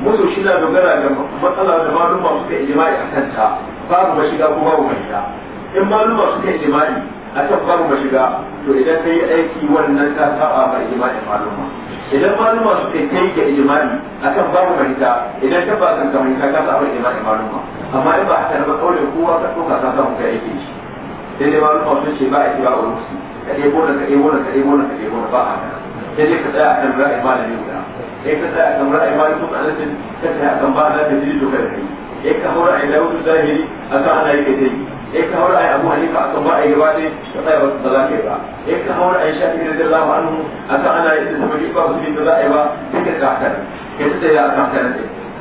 musu shi na dogara ga matsala da maluma suka jima'i a kanta babu mashiga ko babu mafita in maluma suka jima'i a kan babu mashiga to idan ka yi aiki wannan ka saba ma ijma'i maluma idan maluma suka kai ga a kan babu mafita idan ka ba kan ka mafita ka saba ijma'i maluma amma in ba haka na ba kawai kowa ka ɗauka ka samu ka yake shi sai dai wani kawai ce ba a kira a rusi ka ɗebo na ka ɗebo na ka ɗebo na ka ɗebo na ba a haka sai dai ka tsaya a kan ra'ayi malami guda sai ka tsaya a kan ra'ayi malami kuma a nufin ka tsaya a kan ba a ka jiri to ka da kai sai ka haura a ilawu zahiri a kan ana yi ka dai sai ka haura a abu hanifa a kan ba a yi gaba ɗaya ka tsaya ba za ka yi ba sai ka haura a yi shafi da zai lafa anhu a kan ana yi da zamani ba su bi da za a yi ba sai ka kan ka tsaya a kan kan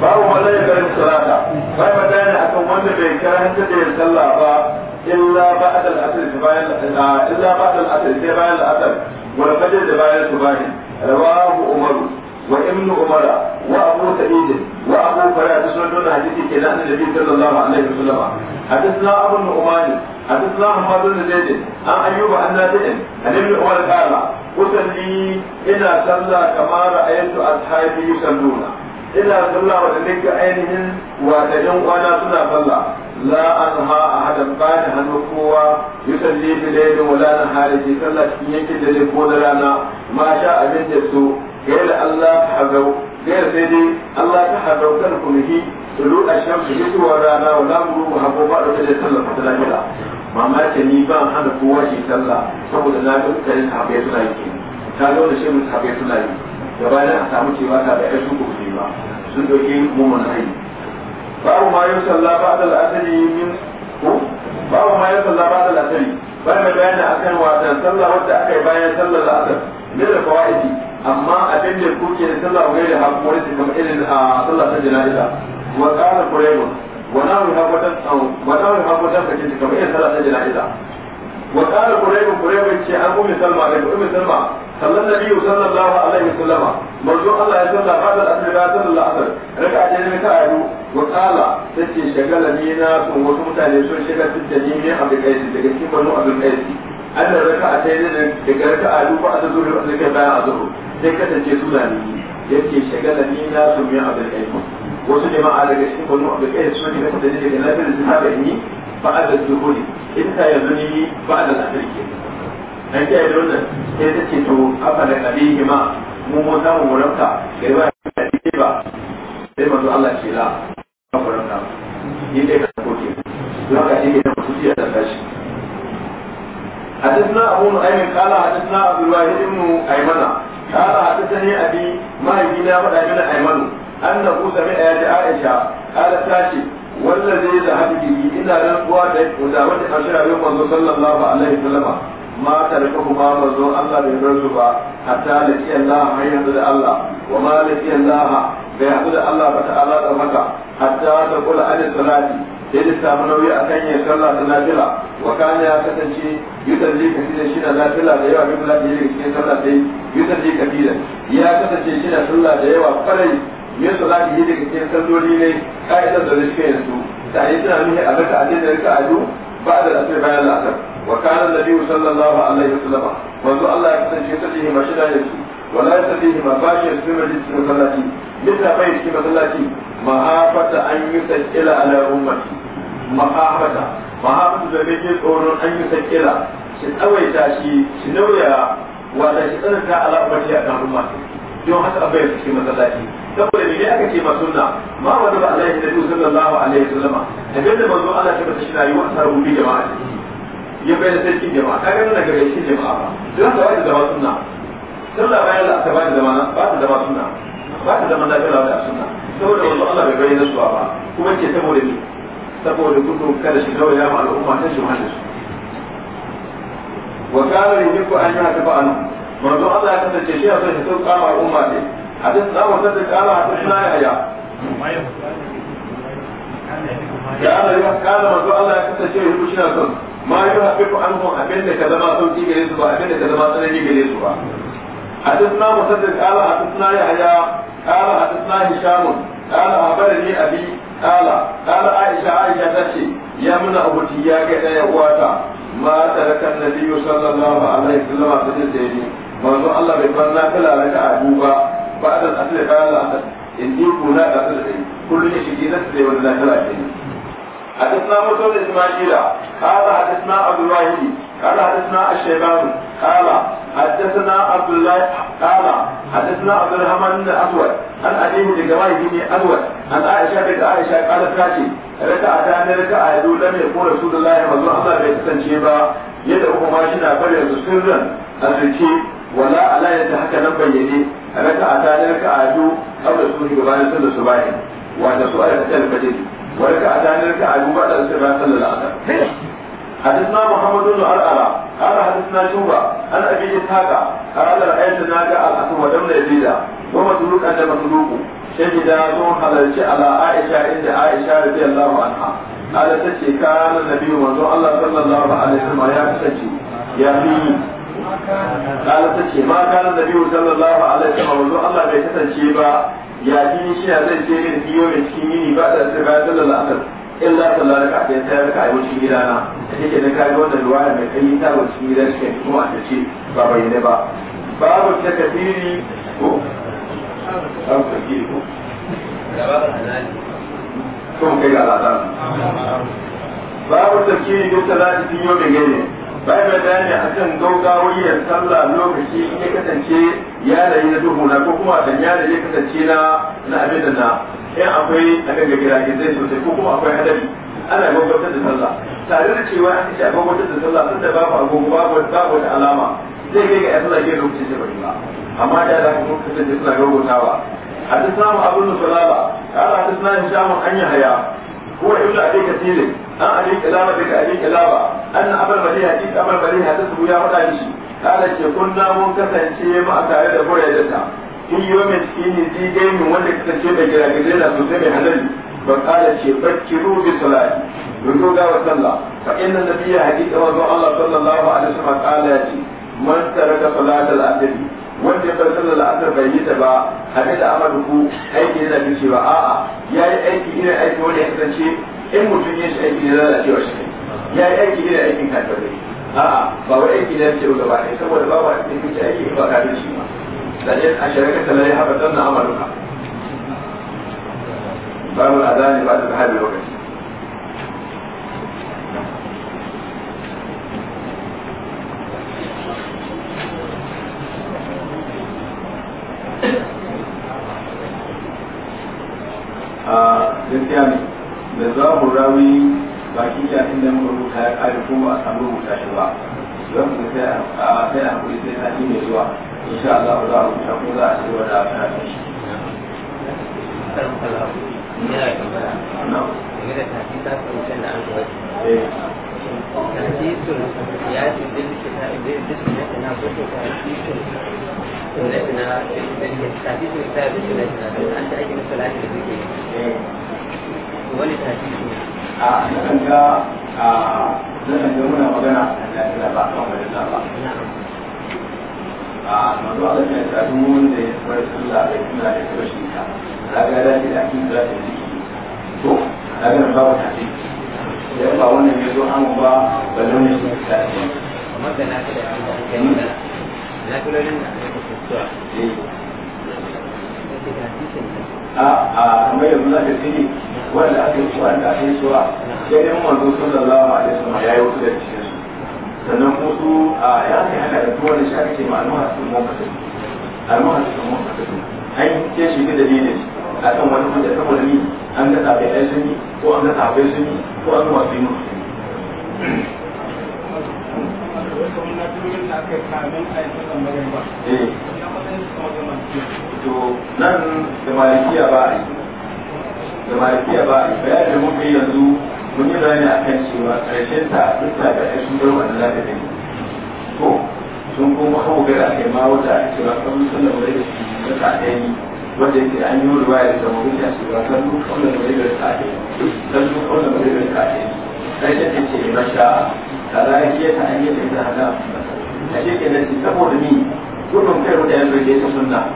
babu malaika da salata bai magana akan wanda bai karanta da yin sallah ba illa 'dal al-asr bayan illa ba'd al-asr sai bayan al-asr wal fajr da bayan subahi rawahu umaru wa ibnu umara wa abu sa'id wa abu farah da sunan hadisi kenan annabi sallallahu alaihi wasallam hadithna abu nu'mani حدثنا حماد بن زيد عن ايوب عن نافع عن ابن عمر قال اصلي الى صلى كما رايت اصحابي يصلون ina sallah wa dalika ainihin wa da yan kwana suna sallah la anha ahadan bani hannu kowa yusalli bi layli wa la nahari bi sallah cikin yake dare ko da rana ma sha abin da su gaira Allah ta hazau gaira sai dai Allah ta hazau kan kumihi tulu a shamsu yituwa rana wa la muru hako ba da sallah ta lafiya mama ce ni ban hana kowa shi sallah saboda na ga mutane sahabbai suna yi ta zo da shi mutane suna yi da bayan a samu cewa ta da ƴan su ba sun dauki babu ma yau ba da al'adari min babu ma yau ba da bai mai bayani akan wata sallah wadda aka yi bayan sallar al'adar ne da fawaidi amma abin da kuke da sallah wai da hakuri da irin a sallah ta jana'iza wa ƙara quraybun wa nahru kamar irin sallah ta jana'iza wa ce an ummi salma da ummi salma sannan da biyu sannan da wa alaihi sallama marzo Allah ya sanda ba da asira ta da la'asar rika ajiye ne ta ayu wa tsala ta ce shagala wasu mutane sun shiga da jini a da kaisi daga cikin banu a da kaisi an da rika ajiye daga rika ayu ba a da zuri wa zai a zuru sai kada ce su da ne ya ce shagala ne na sun yi a da kaisi daga cikin banu a kaisi sun shiga cikin da jini daga lafiyar da ta haɗa ni ba a da zuri in ta yanzu ne ba da lafiyar an ce ai wannan sai ta ce to afa da kadihi ma mu mu samu murabta ga ba kadihi ba sai manzo Allah ce la ba murabta ni dai ka koke don ka dai da musu ya da shi حدثنا أبو نعيم قال حدثنا أبو الواحد بن أيمن قال حدثني أبي ما يبينا ولا يبينا أيمن أنه سمع عائشة قالت تاشي والذي ذهب به إلا لنقوى ذلك وذهبت أشياء يوم صلى الله عليه وسلم ma taraka kuma mazo Allah bai bar su ba hatta laki Allah har yanzu da Allah wa ma laki Allah bai haɗu da Allah ba ta'ala da maka hatta ta kula alin salati sai da samu nauyi a kan yin sallah da nafila wa kan ya kasance yusalli kasida shi da nafila da yawa bin lafi yake cikin sallah ji yusalli kasida ya kasance shi da sallah da yawa kwarai yin salati yake cikin salloli ne ka'idar da rike yanzu da yi tunanin a rika ajin da rika ajo ba da lafiya bayan la'asar wa kana annabi sallallahu alaihi wasallam wanzu Allah ya kasance sai ma shida ne su wala yasbihi ma bashi fi majlis musallati bisa bai cikin masallati mahafata an yusajjila ala ummati mahafata mahafata da yake tsoron an yusajjila shi tsawaita shi shi nauya wanda shi tsananta ala ummati a kan ummati don haka abai su cikin masallaci saboda me ne aka ce ma sunna ma wani ba sallallahu alaihi Allah ya shi jama'a ya bayyana cikin jama'a ka ganin gare shi jama'a ba don ka da zama sunna sallah bayan da aka bada zama ba ta zama sunna ba ta zama lafiya da sunna saboda wasu Allah bai bayyana su ba kuma ce saboda ni saboda gudun kada shi kawai ya ma al'umma ta shi wahala su wa kana yujibu an ya ta an manzo Allah ya kasance shi ya sai shi kama al'umma ne hadis da wannan da kana hadisuna ya aya ya Allah ya kana manzo Allah ya kasance shi ya so ma yi haɓiku an hun abin da ka zama sauƙi gare su ba abin da ka zama tsanani gare su ba حدثنا مسدد قال حدثنا يحيى قال حدثنا manzo Allah bai bar nafila na abu ba ba da in ji kuna da حدثنا موسى بن اسماعيل قال حدثنا عبد الواحد قال حدثنا الشيبان قال حدثنا عبد الله قال حدثنا عبد الرحمن بن الاسود عن ابيه لجواه بن اسود عن عائشه بنت عائشه قالت تاتي ركعتان ركعه يدو لم يكن رسول الله مزور الله بن kasance ba yadda uku ma shi na bari su sirrin azurci wala ala yadda haka nan bayyane raka a ta raka a biyu abu da su ne gabanin sun da su bayan wanda su a da ta alfajiri wani ka ta ne ka ayyuka da suka ba sallar da aka hadis muhammadu da al'ala kara hadis na shuba an abi ji taka kara da ra'ayinta na ga al'asu wa damna ya bida ko masu rukan da masu ruku sai da zo halarci ala aisha inda aisha radiyallahu anha ala ta ce kana nabi manzo Allah sallallahu alaihi wasallam ya ya fi kana ta ce ma kana nabi sallallahu alaihi wasallam manzo Allah bai kasance ba ya ji shi ya zai ce mini biyo min cikin yini ba da sai bayan sallar asar in za ta lalaka a ta raka a yawancin gida na take da kaji wannan ruwaya mai kai ta cikin gida shi ne kuma a ce ba bayyane ba babu ta kafiri ko babu kafiri ko kuma kai ga al'adar babu tafkiri bin salati sun yau da gani da bayani a kan gaugawar yin sallah lokaci in ya kasance yanayi na duhu na ko kuma dan yanayi ya kasance na na abin da na in akwai a kan gagira ke zai sosai ko kuma akwai hadari ana gwagwatar da sallah tare da cewa an ce a gwagwatar da sallah tun da babu agogo babu babu da alama zai kai ga ya sallah ke lokaci da bari ba amma da da kuma kasance suna gwagwatawa حدثنا ابو بن a ta حدثنا an yi haya. هو يقول عليه كثير أن عليك لابا بك عليك لابا أن أمر مليها إيك أمر مليها تسمو يا مدعني قالت كنا منكسا شيء ما أتعيد فريدتها in yi wa miskini zai gaini wanda kasance mai gira gizai na sosai mai halali ba kala ce bakki rubi salati don doga wa sallah fa inna nabiyya hakika wa Allah sallallahu alaihi wasallam kala ya ce man wanda ya bar sallar la'asar bai yi ta ba hade da amal ku aiki yana dace ba a'a ya yi aiki ina aiki wanda ya kasance in mutum ya shi aiki ne lalacewa shi ya yi aiki ina aikin kafirai a'a ba wai aiki na ce gaba ɗaya saboda ba wa aiki kuce aiki ba kafin shi ba lalle a shirka sallar ya haɓa sannan amaluka babu azani ba ta hali lokaci gaskiya ne da za mu rawi baki ya inda muka rubuta ya kare ko ba a samu rubuta shi ba don ku sai a sai a hakuri sai mai zuwa insha Allah za mu rubuta ko za a ci gaba da karatun shi ya wani tafi su a nakan ga a nakan ga muna magana a lafiya ba kan wani ba a mazu a lafiya ta duk wanda ya fara sallah da kula da rashin ka ta ga da ke da ake kula da to ta ga babu tafi idan ba wannan ya zo an ba ba launi shi ta ce kamar da na kada an ga ni na na da ni na da kuskure eh a kamar yanzu na tafi wanda aka suwa da aka yi suwa sai yan manzo sallallahu alaihi ya yi wasu da cikin su sannan kuma su a ya kai hana da tuwa da shi aka ma almuha su mun fata almuha su mun fata an ce shi da dalilin a kan wani wanda saboda ni an ga tsabe ɗan sun yi ko an ga tsabe sun yi ko an ga wasu yi Eh. to nan da malikiya ba a yi da malikiya ba a yi bayan da muka yanzu mun yi bayani a kan cewa ƙarshen ta duk da ƙarshen sun zama da lafiya ne ko sun kuma kawo gara kai ma wata a cewa kan sun da mulai da shi da ta ɗaya wanda yake an yi ruwa ya zama wuri a cewa kan duk kawai da mulai da ta ɗaya kan duk kawai da mulai da ta ɗaya ƙarshen ta ce masha kaza ya ce ta yi da haka a saboda ni gudun kai sunna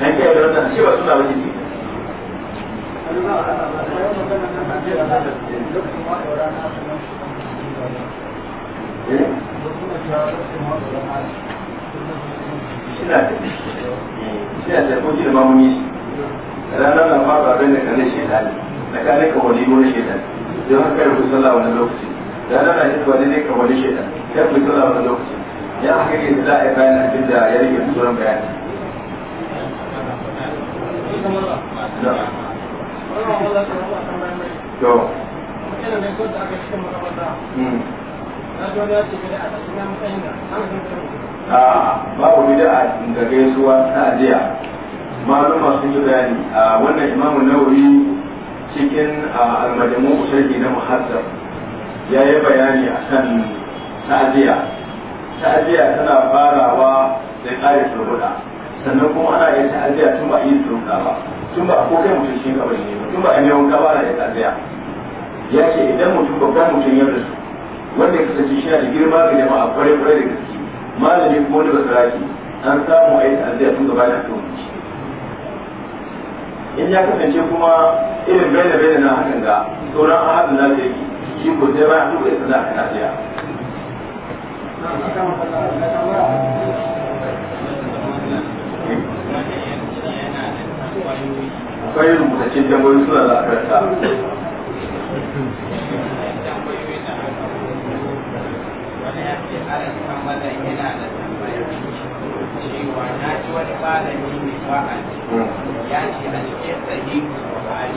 dan kai da wannan ba suna ba eh? da kuji da mamuni ranar na fara abin da ka wani wani don haka yi lokaci da na rage wani ne ka wani shaidan ya fi wani lokaci ya haka ke da za'a bayan abin da ya rage tsoron bayani to hmm. a babu bid'a da gaisuwa ta ajiya maluma sun yi bayani a wannan imamu nawawi cikin al-majmu' na muhazzab ya yi bayani a kan ta'aziyya ta'aziyya tana farawa da ƙari turbuɗa sannan kuma ana yin ta'aziyya tun ba a yi turbuɗa ba tun ba a ko kai mutum shi kawai ne tun ba a yi wanka ba na da ta'aziyya ya ce idan mutum babban mutum ya rasu wanda ya kasance shi da girma ga jama'a kwarai kwarai da gaske malami ko wani basaraki an samu a yi ta'aziyya tun gaba da tun in ya kasance kuma irin bai da bai da na hakan ga sauran ahadin na da yake shi ko sai bayan duk da za ka siya akwai rubutaccen jambobi suna za a karanta yana da tambaya cewa na ji wani malami mai wa'azi hmm. ya ce a cikin sahihu Buhari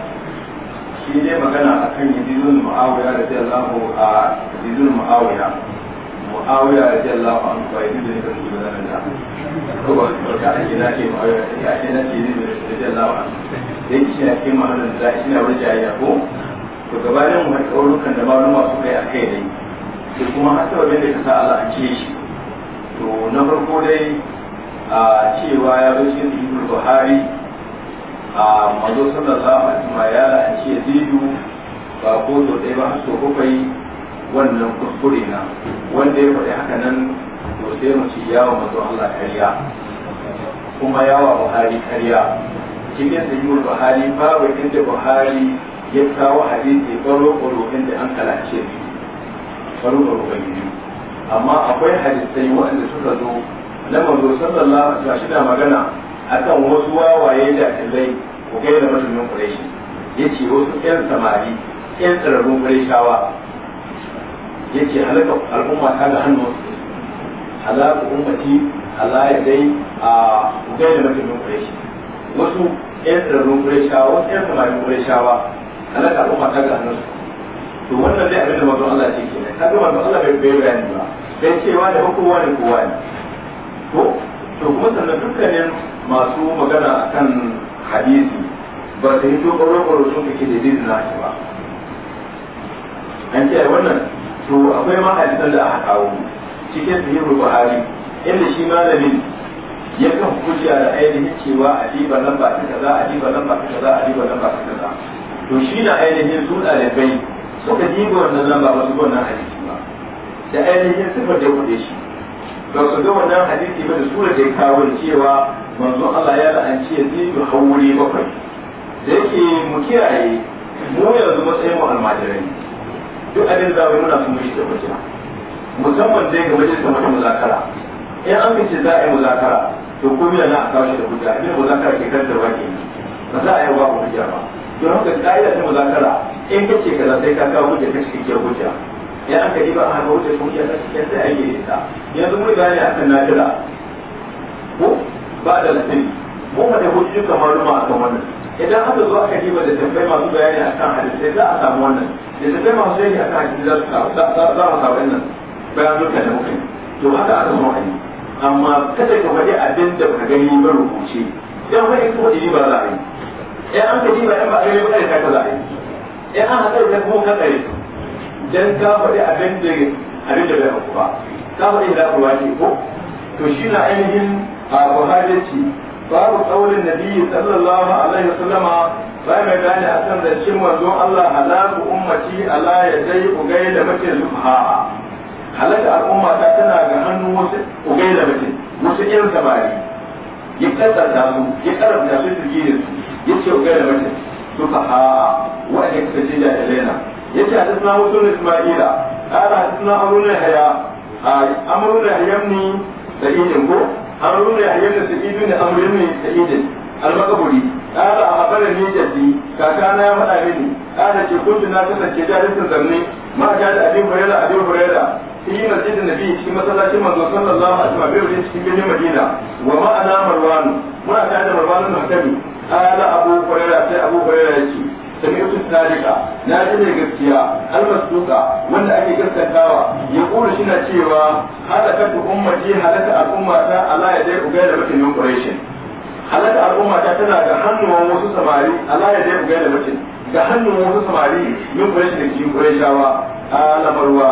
shi dai magana a kan yadidun ma'awuya da jallahu a yadidun ma'awuya ma'awuya da jallahu an kuwa yadidun da da zanen da ko ba su shi na da na jayayya ko to gabanin da kai a kai dai sai kuma har da ka sa Allah shi to na farko dai a cewa ya Buhari a mazo sallallahu alaihi ma ya la'anci zidu ba ko so ɗaya ba so bakwai wannan kuskure na wanda ya faɗi haka nan to sai mu ci yawa mazo Allah kariya kuma yawa Buhari kariya cikin yiwu Buhari babu inda Buhari ya kawo hadisi baro baro inda an kalace shi baro baro biyu. amma akwai hadisai waɗanda suka zo na mazo sallallahu alaihi wasallam shi magana akan wasu wawaye da tilai ku kai da mutumin kureshi yace wasu ƴan samari ƴan tsirarrun kureshawa yace halaka al'umma ta ga hannu halaka ummati Allah ya dai a ku kai da mutumin kureshi wasu ƴan tsirarrun kureshawa wasu ƴan samari kureshawa halaka al'umma ta ga hannun to wannan dai abin da manzon Allah ce kenan kaga manzon Allah bai bayani ba sai cewa da hukumar kowa ne to to kuma sannan dukkanin masu magana akan hadisi ba ta hito ƙwarƙwaro sun kake da dalilin nashi ba an kiyaye wannan to akwai ma hadisan da aka kawo cikin sahihul buhari inda shi malamin ya kan hujja da ainihin cewa a nan lamba ta kaza a nan lamba ta kaza a nan lamba ta kaza to shi na ainihin su ɗalibai suka diba wannan lamba ba su wannan hadisi ba da ainihin sifar da kuɗe shi ba su ga wannan hadisi ba da sura da ya kawo cewa manzo Allah ya la'anci ya zidu hauri bakwai da yake mu kiyaye mu yanzu matsayin mu almajirai duk abin da muna sun yi da wajen musamman dai ga majalisa mata muzakara in an kace za a yi muzakara to komai na a kawo shi da hujja abin muzakara ke kan darwa ke ba za a yi ku hujja ba don haka ka'ida ta muzakara in kace kaza sai ka kawo da ka cikakkiyar hujja ya an kadi ba a haka hujja kuma ya ta cikakken sai a yi da ita yanzu mun gane a kan na jira ba idan aka zo aka diba da bayani za a samu wannan da tambayi masu za bayan to haka aka ayi amma ka faɗi ka gani ba dan ka faɗi abin da abin da bai ba ka faɗi da ko to shi na ainihin abu buhari babu kaulin nabi sallallahu alaihi wasallama bai mai gane a kan zancen manzon Allah halaku ummati ala ya dai ugai da mace zuha halaka al'umma ta tana ga hannu wasu ugai da mace wasu yan samari ya da su ya karanta su turki da su ya ce ugai da mace zuha wa'anda kuka ce jahilena ya ce a na wasu isma'ila ala a tasna amurna haya amurna hayamni da ijin ko an rura a yadda su idu ne an rurin mai sa'idu almagaburi ƙara a haɓar da ni jaddi kaka na ya faɗa mini ƙara ce kuntu na ta sake jarisin zanne ma ga da abin hurera abin hurera fi yi masjid da nabi cikin masallacin manzon sallallahu a wa sallam cikin birnin madina wa ma'ana marwanu muna ta da marwanu na mutane ƙara abu hurera sai abu hurera ya ce سمعت لا نادي الجسيا المصدوقة وانا أكي جسد داوة يقول شنا شيوا هلكت أمتي هلك الأمة على يدي أبيل بكن قريشين halaka al'umma ta tana ga hannuwan wasu samari Allah ya dai da mutum ga hannuwan wasu samari min da cikin kureshawa ala marwa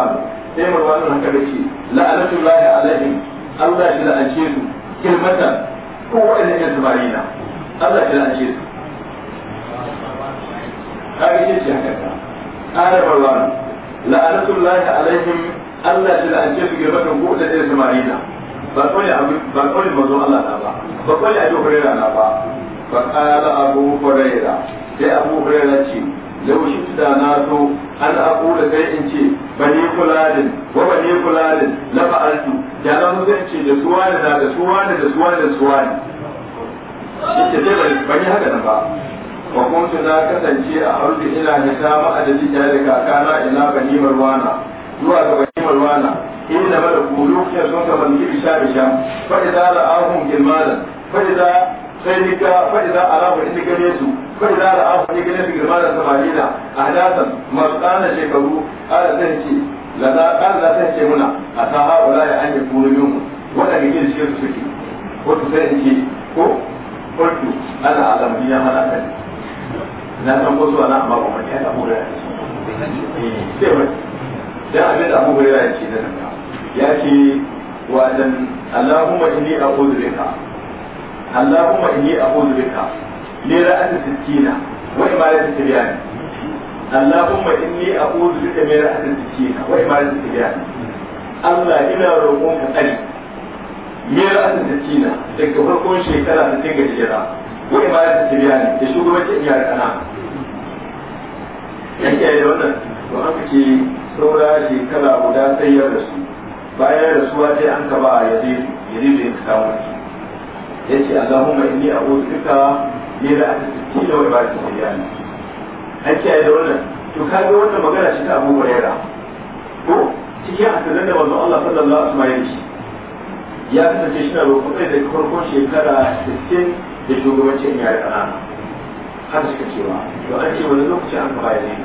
sai marwa sun haka da ke la'anatullahi alaihim Allah shi la'ance su kirmatan ko wa'annan yan samari na Allah shi la'ance su kaga ce ce haka ta ƙara barwan la'anatullahi alaihim Allah ce da an ce su girma kan kuɗa ɗaya samarina ba kawai abu ba kawai mazo Allah na ba ba kawai abu hurera na ba fa qala abu hurera sai abu hurera ce lau shi da na so an abu da kai in ce ba bani fulalin wa bani fulalin la fa'altu da na musu zai ce da suwa da da suwa da suwa da suwa ne ce sai bani haka nan ba wa su na kasance a arzu ina hita ma'adadi tare da kakana ina ganimar wana zuwa ga ganimar wana inda mada ku lokacin sun ka mallaki bisha bisha fa idza ra'ahum gilmalan fa idza sai ni ga fa idza arahu inda gane su fa idza ra'ahu inda gane su gilmalan samalina ahdasan masu kana shekaru ala zan ce la za kan ce muna a saha haula ya an yi kuru mu wanda ke cikin su suke wato sai in ce ko ko ana alambiya hana kai na san ko zuwa na amma ba mu ta abu rera eh, sai ba dan abin da abu rera ya ce da nan ya ce wa dan Allahumma inni a'udhu bika Allahumma inni a'udhu bika li ra'ati sittina wa imarati tibyani Allahumma inni a'udhu bika min ra'ati sittina wa imarati tibyani Allah ina roƙon tsari mera ta tattina daga farkon shekara ta ce gajera ba ya ta biya ne da shugabancin iyali kana yake da wannan to an ce saura shekara guda sai da su bayan rasuwa sai an ka ba ya zai ya zai zai ka samu ya ce a mai ni Allahumma inni da bika min al-akhti wa ibadati al-iyali an ce da wannan to kaga wannan magana shi ta Abu Hurairah ko cikin hadisan da manzon Allah sallallahu alaihi wasallam ya kasance shi na roƙon da farkon shekara 60 da shugabancin yi ƙanana har suka cewa to an ce wani lokaci an gaba ya zai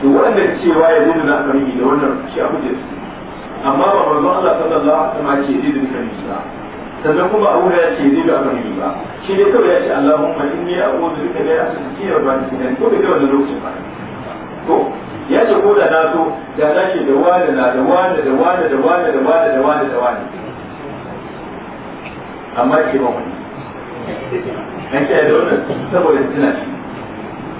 to waɗanda cewa ya zai na karimi da wannan shi a hujjar su amma ba manzo Allah sallallahu alaihi wasallam ce zai da karimi sannan kuma Abu ya ce zai da karimi ba shi ne kawai ya ce Allahumma inni a'udhu bika min asfiki wa bani ko da wannan lokacin ba to ya ce ko da na da na ce da wani na da wani da wani da wani da wani da wani da wani amma ke ba wani an shaida wannan saboda tuna shi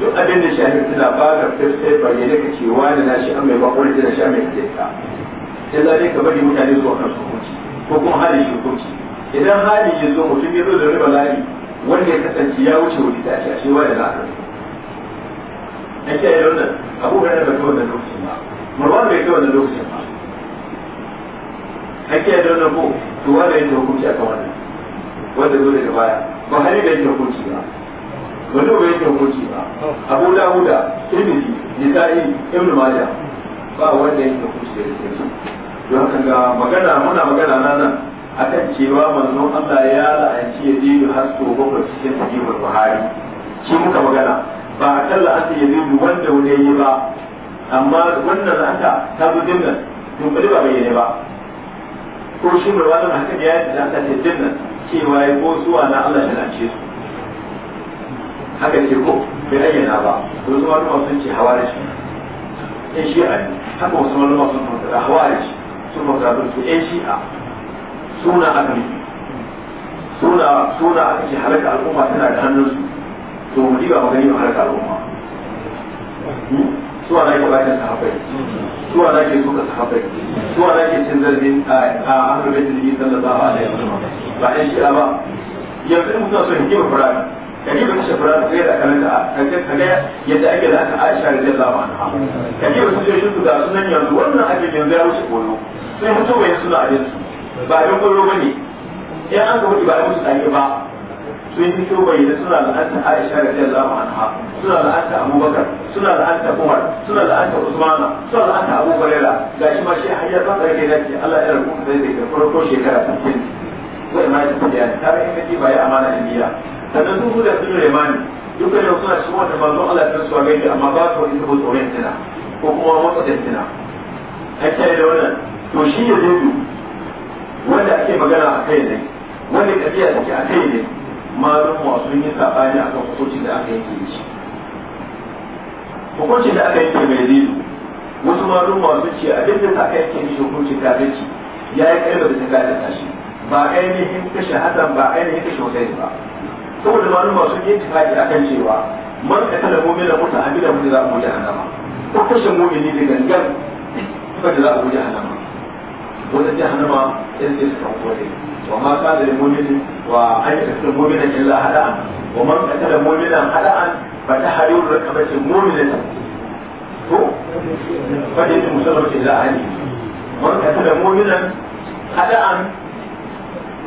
duk abin da shafi tuna ba ka sai bayyana ka ce wani na shi an mai bakwai da shi an mai kaita sai za ka bari mutane zuwa kan su hukunci ko kuma hali shi hukunci idan hali ya zo mutum ya zo da riba lari wanda ya kasance ya wuce wuri ta ce a shi wani na kan an shaida wannan abubuwan da ba ta wannan lokacin ba murwan bai kai wannan lokacin ba an shaida wannan ko to wanda ya ta hukunci a kan wannan wanda zo daga baya ba hari da yake hukunci ba wanda ba yake hukunci ba abu dawuda tirmidhi nisa'i ibn majah ba wanda yake hukunci da yake su don haka magana muna magana na nan akan cewa manzon Allah ya la'anci ya zidu har so bakwai cikin sahihul buhari shi muka magana ba a kalla asa ya zidu wanda wani yi ba amma wannan la'anta ta zo dinnan dubbali ba bayyane ba ko shi mai wani hakan ya yi da ta ce dinnan cewa ya ko suwa na Allah yana ce su haka ce ko bai ayyana ba to zuwa ruwa sun ce hawa da shi ɗan shi a haka wasu malama sun fantara hawa da shi sun fantara da su shi a suna aka ne suna suna aka ce halaka al'umma tana da hannunsu to mu diba magani gani halaka al'umma hmm? suwa na yi suwa na ke suka sahabai suwa na ke cin zargin a ahlul bayt sallallahu alaihi wasallam ba ai shi ba yanzu in mutum so hikima fara ka ji mutum shafara da kai da kanan da ka ga yadda ake da aka Aisha radiyallahu anha ka ji mutum shi su ga sunan yanzu wannan abin yanzu ya wuce koyo sai mutum bai suna a yanzu ba abin ba ne in an ka wuce ba a musu tsari ba sun yi fito bayyana suna la'anta Aisha radiyallahu anha suna la'anta Abu Bakar suna la'anta Umar suna la'anta Usmana suna la'anta Abu Huraira gashi ma shi har ba fara rage nake Allah ya rubu da zai da farko shekara 60 wai ma ta tafiya ta rai kaji bai amana da biya sannan duk da sun remani dukkan da suna cikin ba manzon Allah ta suwa gaji amma ba su wani ko tsoron tana ko kuma matsatin tana ake da wannan to shi ya zai wanda ake magana a kai ne wanda tafiya take a kai ne malum wa sun yi ne akan hukuncin da aka yanke da shi hukuncin da aka yanke mai zilu wasu malum wa sun ce abin da aka yanke shi hukuncin zai ya yi kai da ta gada shi ba ainihin kashe hasan ba ainihin kashe hussein ba saboda malum wa sun yi tafaki akan cewa man katala mu'mina da mutu za a a annama ko kashe ne da gangan ba da za a goje annama wanda jahannama yadda ya suka kore وما كان للمؤمن وأن يقتل مؤمنا إلا هدأ ومن قتل مؤمنا هدأ فتحرير رقبة مؤمنة فليس مسلمة إلا أهله من قتل مؤمنا هدأ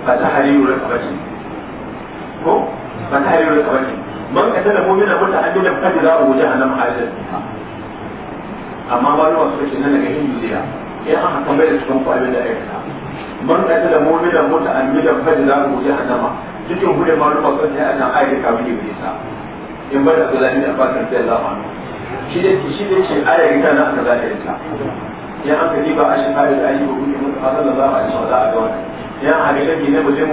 فتحرير رقبة فتحرير رقبة من قتل مؤمنا متعمدا فجزاؤه جهنم خالدا amma ba ruwa suka ce nan daga hindu zira in aka tambaye da cikin kwalin da aikata man qatala مؤمنا muta'ammidan fajzahu jahannama cikin hude maluma sun sai annan ayat ka bi bi sa in bar Abdullahi bin Abbas radiyallahu anhu shi da shi da ce ayat ita na aka zaka ta. ya aka diba a shi fara da ayyuka kuma mun fara da za shi wala a ga wannan ya haka shaki ne mutum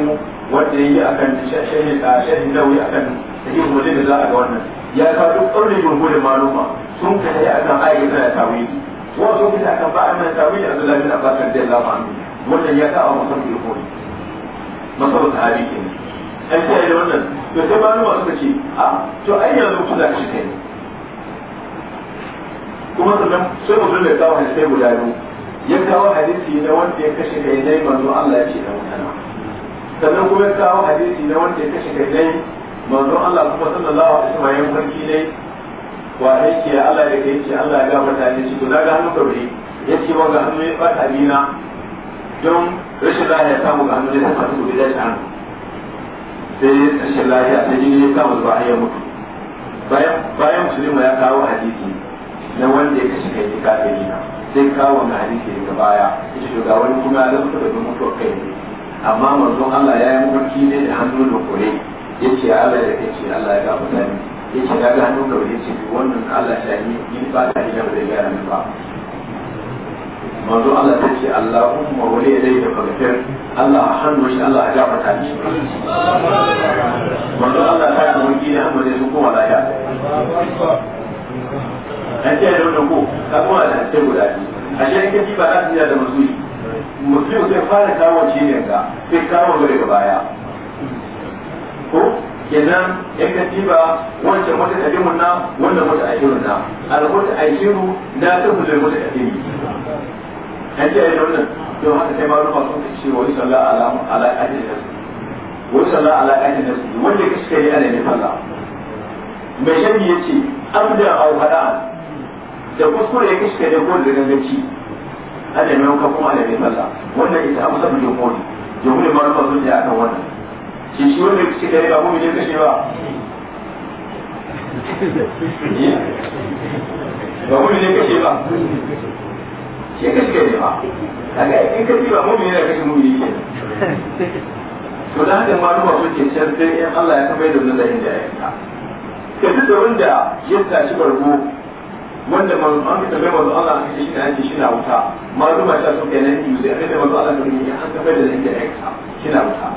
wanda yayi akan shahin da shahin da wai akan yake mutum da za a ga wannan ya ka duk ƙarni jumhurin maluma sun kai akan ayat ita na tawili wasu kuma akan ba'a na tawili Abdullahi bin wannan ya kawo mutum da yahudi masarar sahabi ke an kiyaye da wannan to sai ba nuna suka ce a to ai yanzu ku da ka shi kai kuma sannan sai mutum da kawo hadisai guda biyu ya kawo hadisi na wanda ya kashe kai nai manzo Allah ya ce da mutana sannan kuma ya kawo hadisi na wanda ya kashe kai nai manzo Allah kuma sallallahu alaihi wasallam ya farki dai wa yake Allah da kai ce Allah ya gafarta ne shi to daga hannu kabri yace wanga hannu ya fata dina don rashin lafiya samu ga hannun sai masu gudu zai an sai rashin lafiya sai jini ya kama zuwa ayyar mutu bayan musulma ya kawo hadisi na wanda ya kashe kai kafiri na sai kawo wani hadisi daga baya ya ce ga wani kuma ya zama da mutuwar kai ne amma manzon Allah ya yi mulki ne da hannu da kore ya ce Allah da kai Allah ya ga mutane ya ce ya ga hannun da wani ce wannan Allah ya yi ni ba ta hanyar da ya gyara ba manzo Allah ta ce Allahumma wali yadayka faghfir Allah a hannu shi Allah a ya ta mishi manzo Allah ta yi wani ne amma ne su kuma lafiya an ce da wannan ko ka kuma da ce guda biyu a shi ake ji ba za su yi da mutum mutum sai fara kawo ne ga sai kawo gare ga baya ko kenan yan ba wancan wata kadimun na wannan wata ashirin na al-wata ashiru na ta da wata kadimi na ji a yi wannan don haka kai malama sun ce wani sallah ala ala ajin nasu wa sallah ala ajin nasu wanda ka suka yi ana yin sallah mai shari ya ce abda au hada da kuskure ya kishka ne ko da ganganci ana yin wanka kuma ana yi sallah wannan ita abu sabu jomoni jomoni malama sun ce akan wannan shi shi wanda kishka ne ba mu ne ka kashe ba ba mu ne ka kashe ba shi gaske ne ba daga in ka ba mu yana kashe mu yake to da haka maluma suke can sai in Allah ya kamar da wannan da inda ya ka duk da wanda ya tashi bargo wanda man an ka tabbata manzo Allah ka shi na shi na wuta maluma ta suke nan yi sai da manzo Allah ka yi an kamar da inda ya ka shi wuta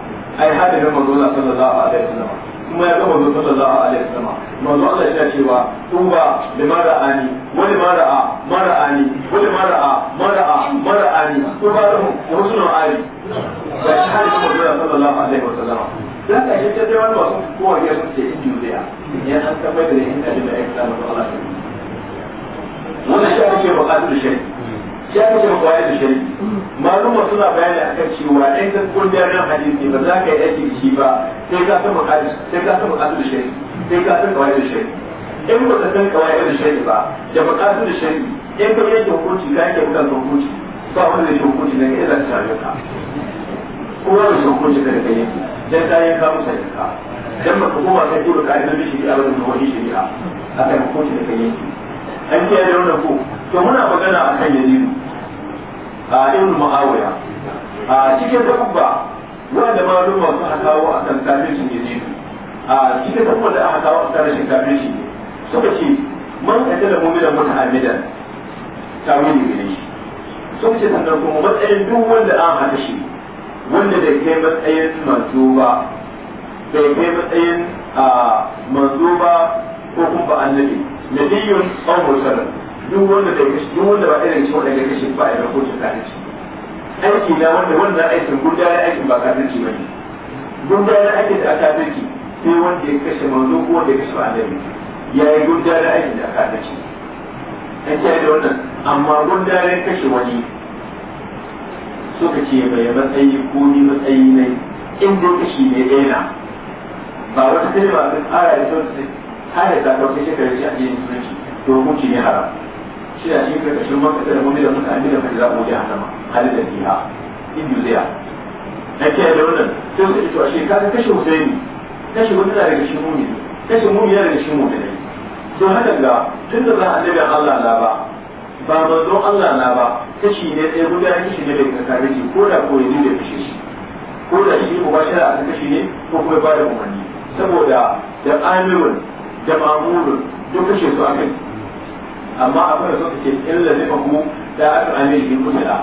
ai hada da Allah sallallahu alaihi wasallam kuma ya ga manzo sallallahu alaihi wasallam manzo Allah ya cewa tuba limara ani wa limara a mara ani wa limara a mara a mara ani tuba lahum wa husnul ali da shi hadisi manzo sallallahu alaihi wasallam dan ka shi cewa wannan wasu kowa ya suke indiya ya an tabbatar da inda da ya kama Allah wannan shi ake buƙatar shi shi aka ce maka da shari maluma suna bayani kan cewa ɗan ka kundiyar nan hadisi ba za ka yi aiki da shi ba sai ka san makalu sai ka san makalu da shari sai ka san kawai da shari in ba ka san kawai da shari ba da makalu da shari in ka yanke hukunci ka yanke bukan hukunci ba wanda zai hukunci daga ila ta ka kuma da shi hukunci daga kai yanke dan ka yanka musa yanka dan baka koma ka yi ɗiba ka'idodin shari'a ba da ka shari'a akan hukunci da kai yanke an kiyaye wannan ko to muna magana a kan yazidu a ibn muawiya a cikin dabba wanda maluma suka kawo a kan kafircin yazidu a cikin dabba da aka kawo a kan rashin kafirci ne suka ce man kace da mu'minan muta'ammidan tawili gare shi suka ce sannan kuma matsayin duk wanda an haka shi wanda da kai matsayin manzo ba da kai matsayin manzo ba ko kuma ba annabi nabiyyun aw mursalun duk wanda da kashi duk wanda ba irin cikin wanda kashi ba ya rako cikin kafirci aiki na wanda wannan aikin gudanar aikin ba kafirci ba ne gudanar aikin da aka kafirci sai wanda ya kashe manzo ko wanda ya kashe annabi ya yi gudanar aikin da aka kafirci an kiyaye da wannan amma gudanar kashe wani suka ce bai matsayi ko ni matsayi ne in dai kashi ne ɗaya ba wata kalma sun ƙara da ta har da ta ɗauke shekarar shi a cikin musulunci to hukunci ne haram shi a cikin karkashin maka da mu da mutane da mai zaɓo ya hana hali da biya idu zai na ke da wannan sai su ito a shi kaga kashe husaini kashe wani na daga shi mumi kashe mumi na daga shi mumi ne don haka ga tun da za a nabi Allah na ba ba manzon Allah na ba kashi ne ɗaya guda kashi ne daga kare shi ko da ko yanzu da kashe shi ko da shi ko ba shi da kashi ne ko kuma ba da umarni saboda da amirun da mamurun duk kashe su a kai. amma abin da suka ce illa zai ba ku da aka amir kusa da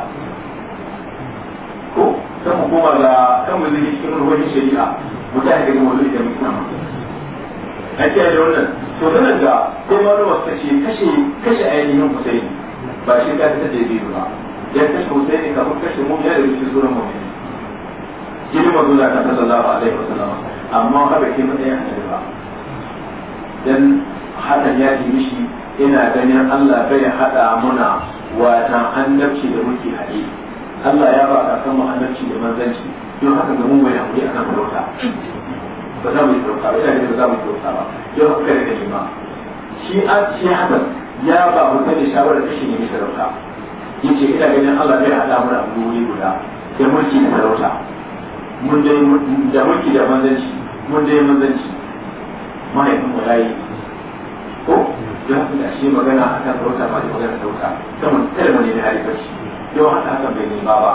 ko ta hukuma koma ga kan mu zai cikin ruwan shari'a mu da kuma wani da mutum a ce da wannan to sanar da ko ma da wasu ce kashe kashe ainihin husaini ba shi ka ta je biyu ba ya kashe husaini kafin kashe mu ya da shi sunan mu jini mazu da kan a alaihi wasallam amma haka ke matsayin hajji ba dan hakan ya ke mishi ina ganin Allah bai hada muna watan annabci da muke haɗe Allah ya ba ka san annabci da manzanci don haka ga mun bai haɗe kan bauta ba za mu yi bauta ba ina ba za mu yi bauta ba don haka kada ka jima shi a shi haka ya ba mu kai shawarar da shi ne mai sarauta yace ina ganin Allah bai hada muna a wuri guda da mulki da sarauta mun dai da mulki da manzanci mun dai manzanci mahaifin mu yi ko don haka da shi magana a kan sarauta ba da magana sarauta saman ne da hari shi. yau haka haka bai nema ba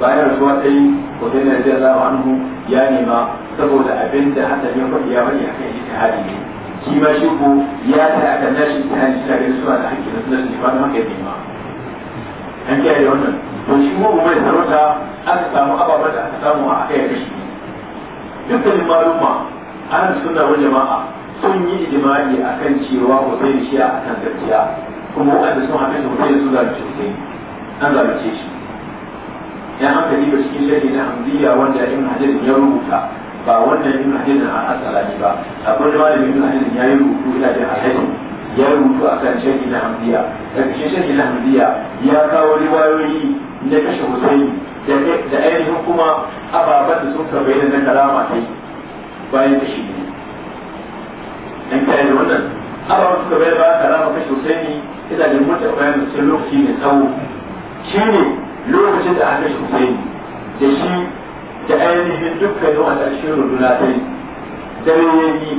bayan rasuwa ta yi hoton da zai zama anhu ya nema saboda abin da hasa ya faɗi ya bari a kan ita hali ne shi ma shi ko ya ta a kan nashi ta hali ta gani suna da hakki na sunan nema don haka ya nema an kiyaye wannan to shi mu mai sarauta aka samu ababen da aka samu a kai kashi dukkanin maluma ana suna wani jama'a sun yi a kan cewa Hussein shi a kan gaskiya kuma wanda sun haɗu da Hussein sun zalunci Hussein an ce shi ya haka ni ba cikin shari na hamziya wanda Ibn Hajar ya rubuta ba wannan Ibn Hajar a asalani ba akwai da malamin Ibn Hajar ya yi rubutu da da Hajar ya rubutu akan shari na hamziya daga cikin shari na hamziya ya kawo riwayoyi na kashe Hussein da ainihin kuma ababen da sun karɓi na kalama sai bayan kashi ne dan kai da wannan Allah suka bai ba ka rafa kashi Husaini ina da mutum bayan cikin lokaci mai tsawo shi ne lokacin da aka shi Husaini da shi da ainihin dukkanin wanda a cikin runduna ta yi dare ya yi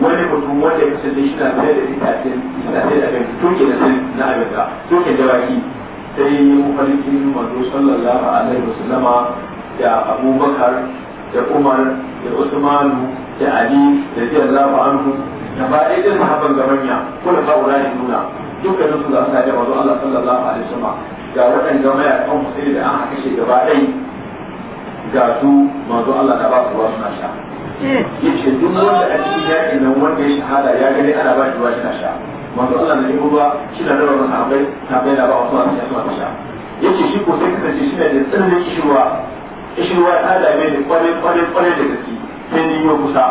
wani mutum wanda ya kasance shi na tsaye da itacen itacen da kan tuke na na abinda tuke dawaki sai yi mafarkin manzo sallallahu alaihi wasallama da abubakar da umar da usmanu da ali da radiyallahu anhu da ba dai din sahabban ga manya ko da babu rani nuna dukkanin su za su da manzo Allah sallallahu alaihi wasallam ga waɗanda maya kan Husaini da an haka shi gaba ɗai ga su manzo Allah da ba su ruwa suna sha yace duk wanda a cikin yakin nan wanda ya shahada ya gani ana ba shi ruwa suna sha manzo Allah ne ruwa shi da rawa sahabbai sahabbai da ba su ruwa suna sha yace shi ko sai kasance shi ne da tsirrin kishirwa kishirwa ta dame ne kwarai kwarai kwarai da gaske sai ni yau kusa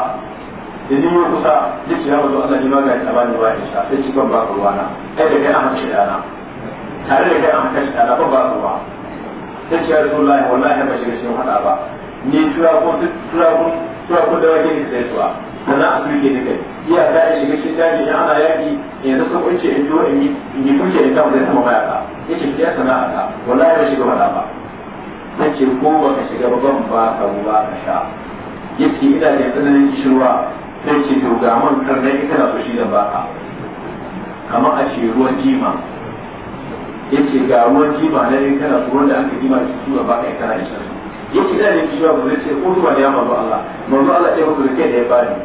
da mun kusa duk ya wato Allah ni ma ga ta bani wa Aisha sai ci ban ba ku na, kai da kai an hace dana tare da kai an hace dana ba ba ruwa sai ci ya Rasulullahi wallahi ba ne cikin hada ba ni tura ko tura ko tura ko da wake sai tuwa dan a su ne nake iya da shi shiga shi daji ya ana yaki yanzu ka kunce in zo in yi in yi kunce in tawo zai sama mayaka yake ki ya sana'a ta wallahi ba shiga hada ba sai ce ko ba ka shiga ba ban ba ka ruwa ka sha yake ina da tsananin kishirwa sai ce to ga man karnai ita na fushi da baka kamar a ce ruwan jima ya ce ga ruwan jima na yi kana tsoron da aka jima da su ba kai kana isa ya ce ina ne shi ba ba ce ko zuwa ya manzo Allah manzo Allah ya mutu da kai da ya bani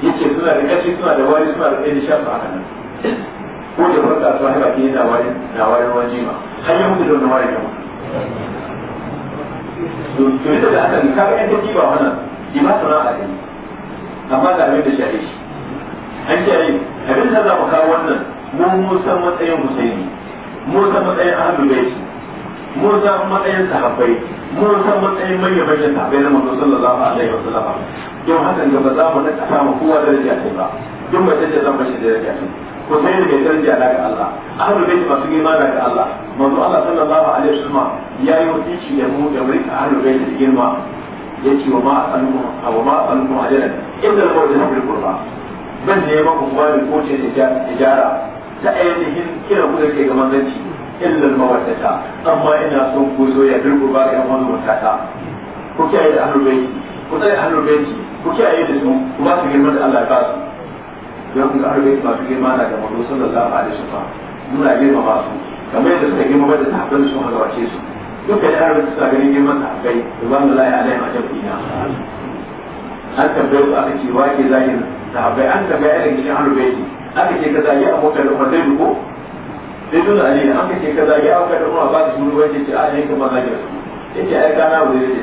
ya ce suna da kashi suna da wari suna da kai da sha su haka nan ko da farka su haka ke da wari da wari ruwan jima har ya mutu da wani wari kama to to ita da aka ni ka ga yan jima wannan jima sana'a ne amma da abin da shaye shi an shaye abin da za mu kawo wannan mu mun san matsayin husaini mun san matsayin ahlul baiti mun san matsayin sahabbai mun san matsayin manyan manyan sahabbai na manzo sallallahu alaihi sallam don hakan ga ba za mu naka samu kowa daraja sai ba don ba tace zan bashi daraja sai ko sai da kai na daga Allah ahlul baiti masu girma na daga Allah manzo Allah sallallahu alaihi sallam ya yi wasici da mu da mu rika ahlul baiti girma yake wa ma asalukum wa ma'a asalukum ajalan inda al da bil kurba ban da yaba ku ba ko ce tijara ta ainihin kira ku da ke ga manzanci illa mawaddata amma ina son ku zo ya dirku ba ga wannan mutata ku kiyaye da ahlul bayt ku tsaya ahlul bayt ku kiyaye da su ku ba su girma da Allah ya ba su don ku ga ahlul bayt ba su girma na ga manzo sallallahu alaihi wasallam muna girma ba su kamar yadda suka girma da sahabban su haka wace su duka da ahlul bayt suka ganin girman sahabbai subhanallahi alaihi wa jalla an tambaye su aka ce wa ke zahir sahabbai an tambaye irin cikin ahlul baiti aka ce kaza ya abubakar da umar zai ko sai dole ali an ka ce kaza ya abubakar da umar ba su mun wace ce a ne kuma zahir yake ai kana wuri ne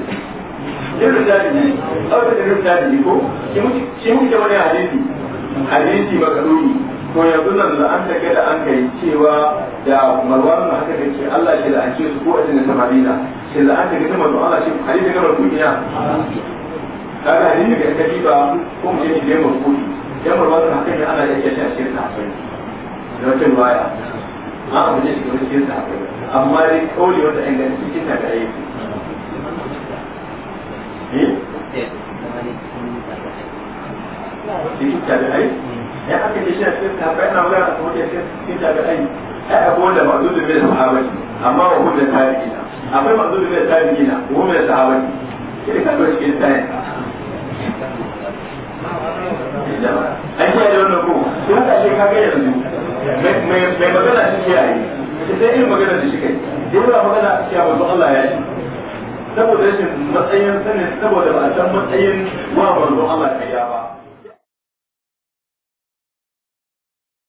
yin rudadi ne aure da rudadi ko shi muke wani hadisi hadisi makaruni ko ya nan da an take da an kai cewa da marwan na haka kace Allah shi da an ce su ko a cikin samarina shi da an take da manzo Allah shi hadisi ga ya kaga hadisi da kaji ba ko ce ne mu kudi dan mu wata hakan da ana yake shi a kai da wata riwaya ma abu ne cikin cikin kai amma dai kauli wata inganta cikin ta gare ni cikin tabi'ai ya aka ce shi a cikin sahabbai ana a kuma cikin tabi'ai ai akwai wanda ma'azu da sahabai amma wa hujjar tarihi na akwai ma'azu da tarihi na wa hujjar sahabai sai ka zo cikin tarihi an kiyaye wannan ko to ta shi ka ga yanzu mai magana shi yi shi sai irin magana da shi kai dai ba magana a kiyaye manzo Allah ya yi saboda rashin matsayin sanin saboda ba a san matsayin wa manzo Allah kai ya ba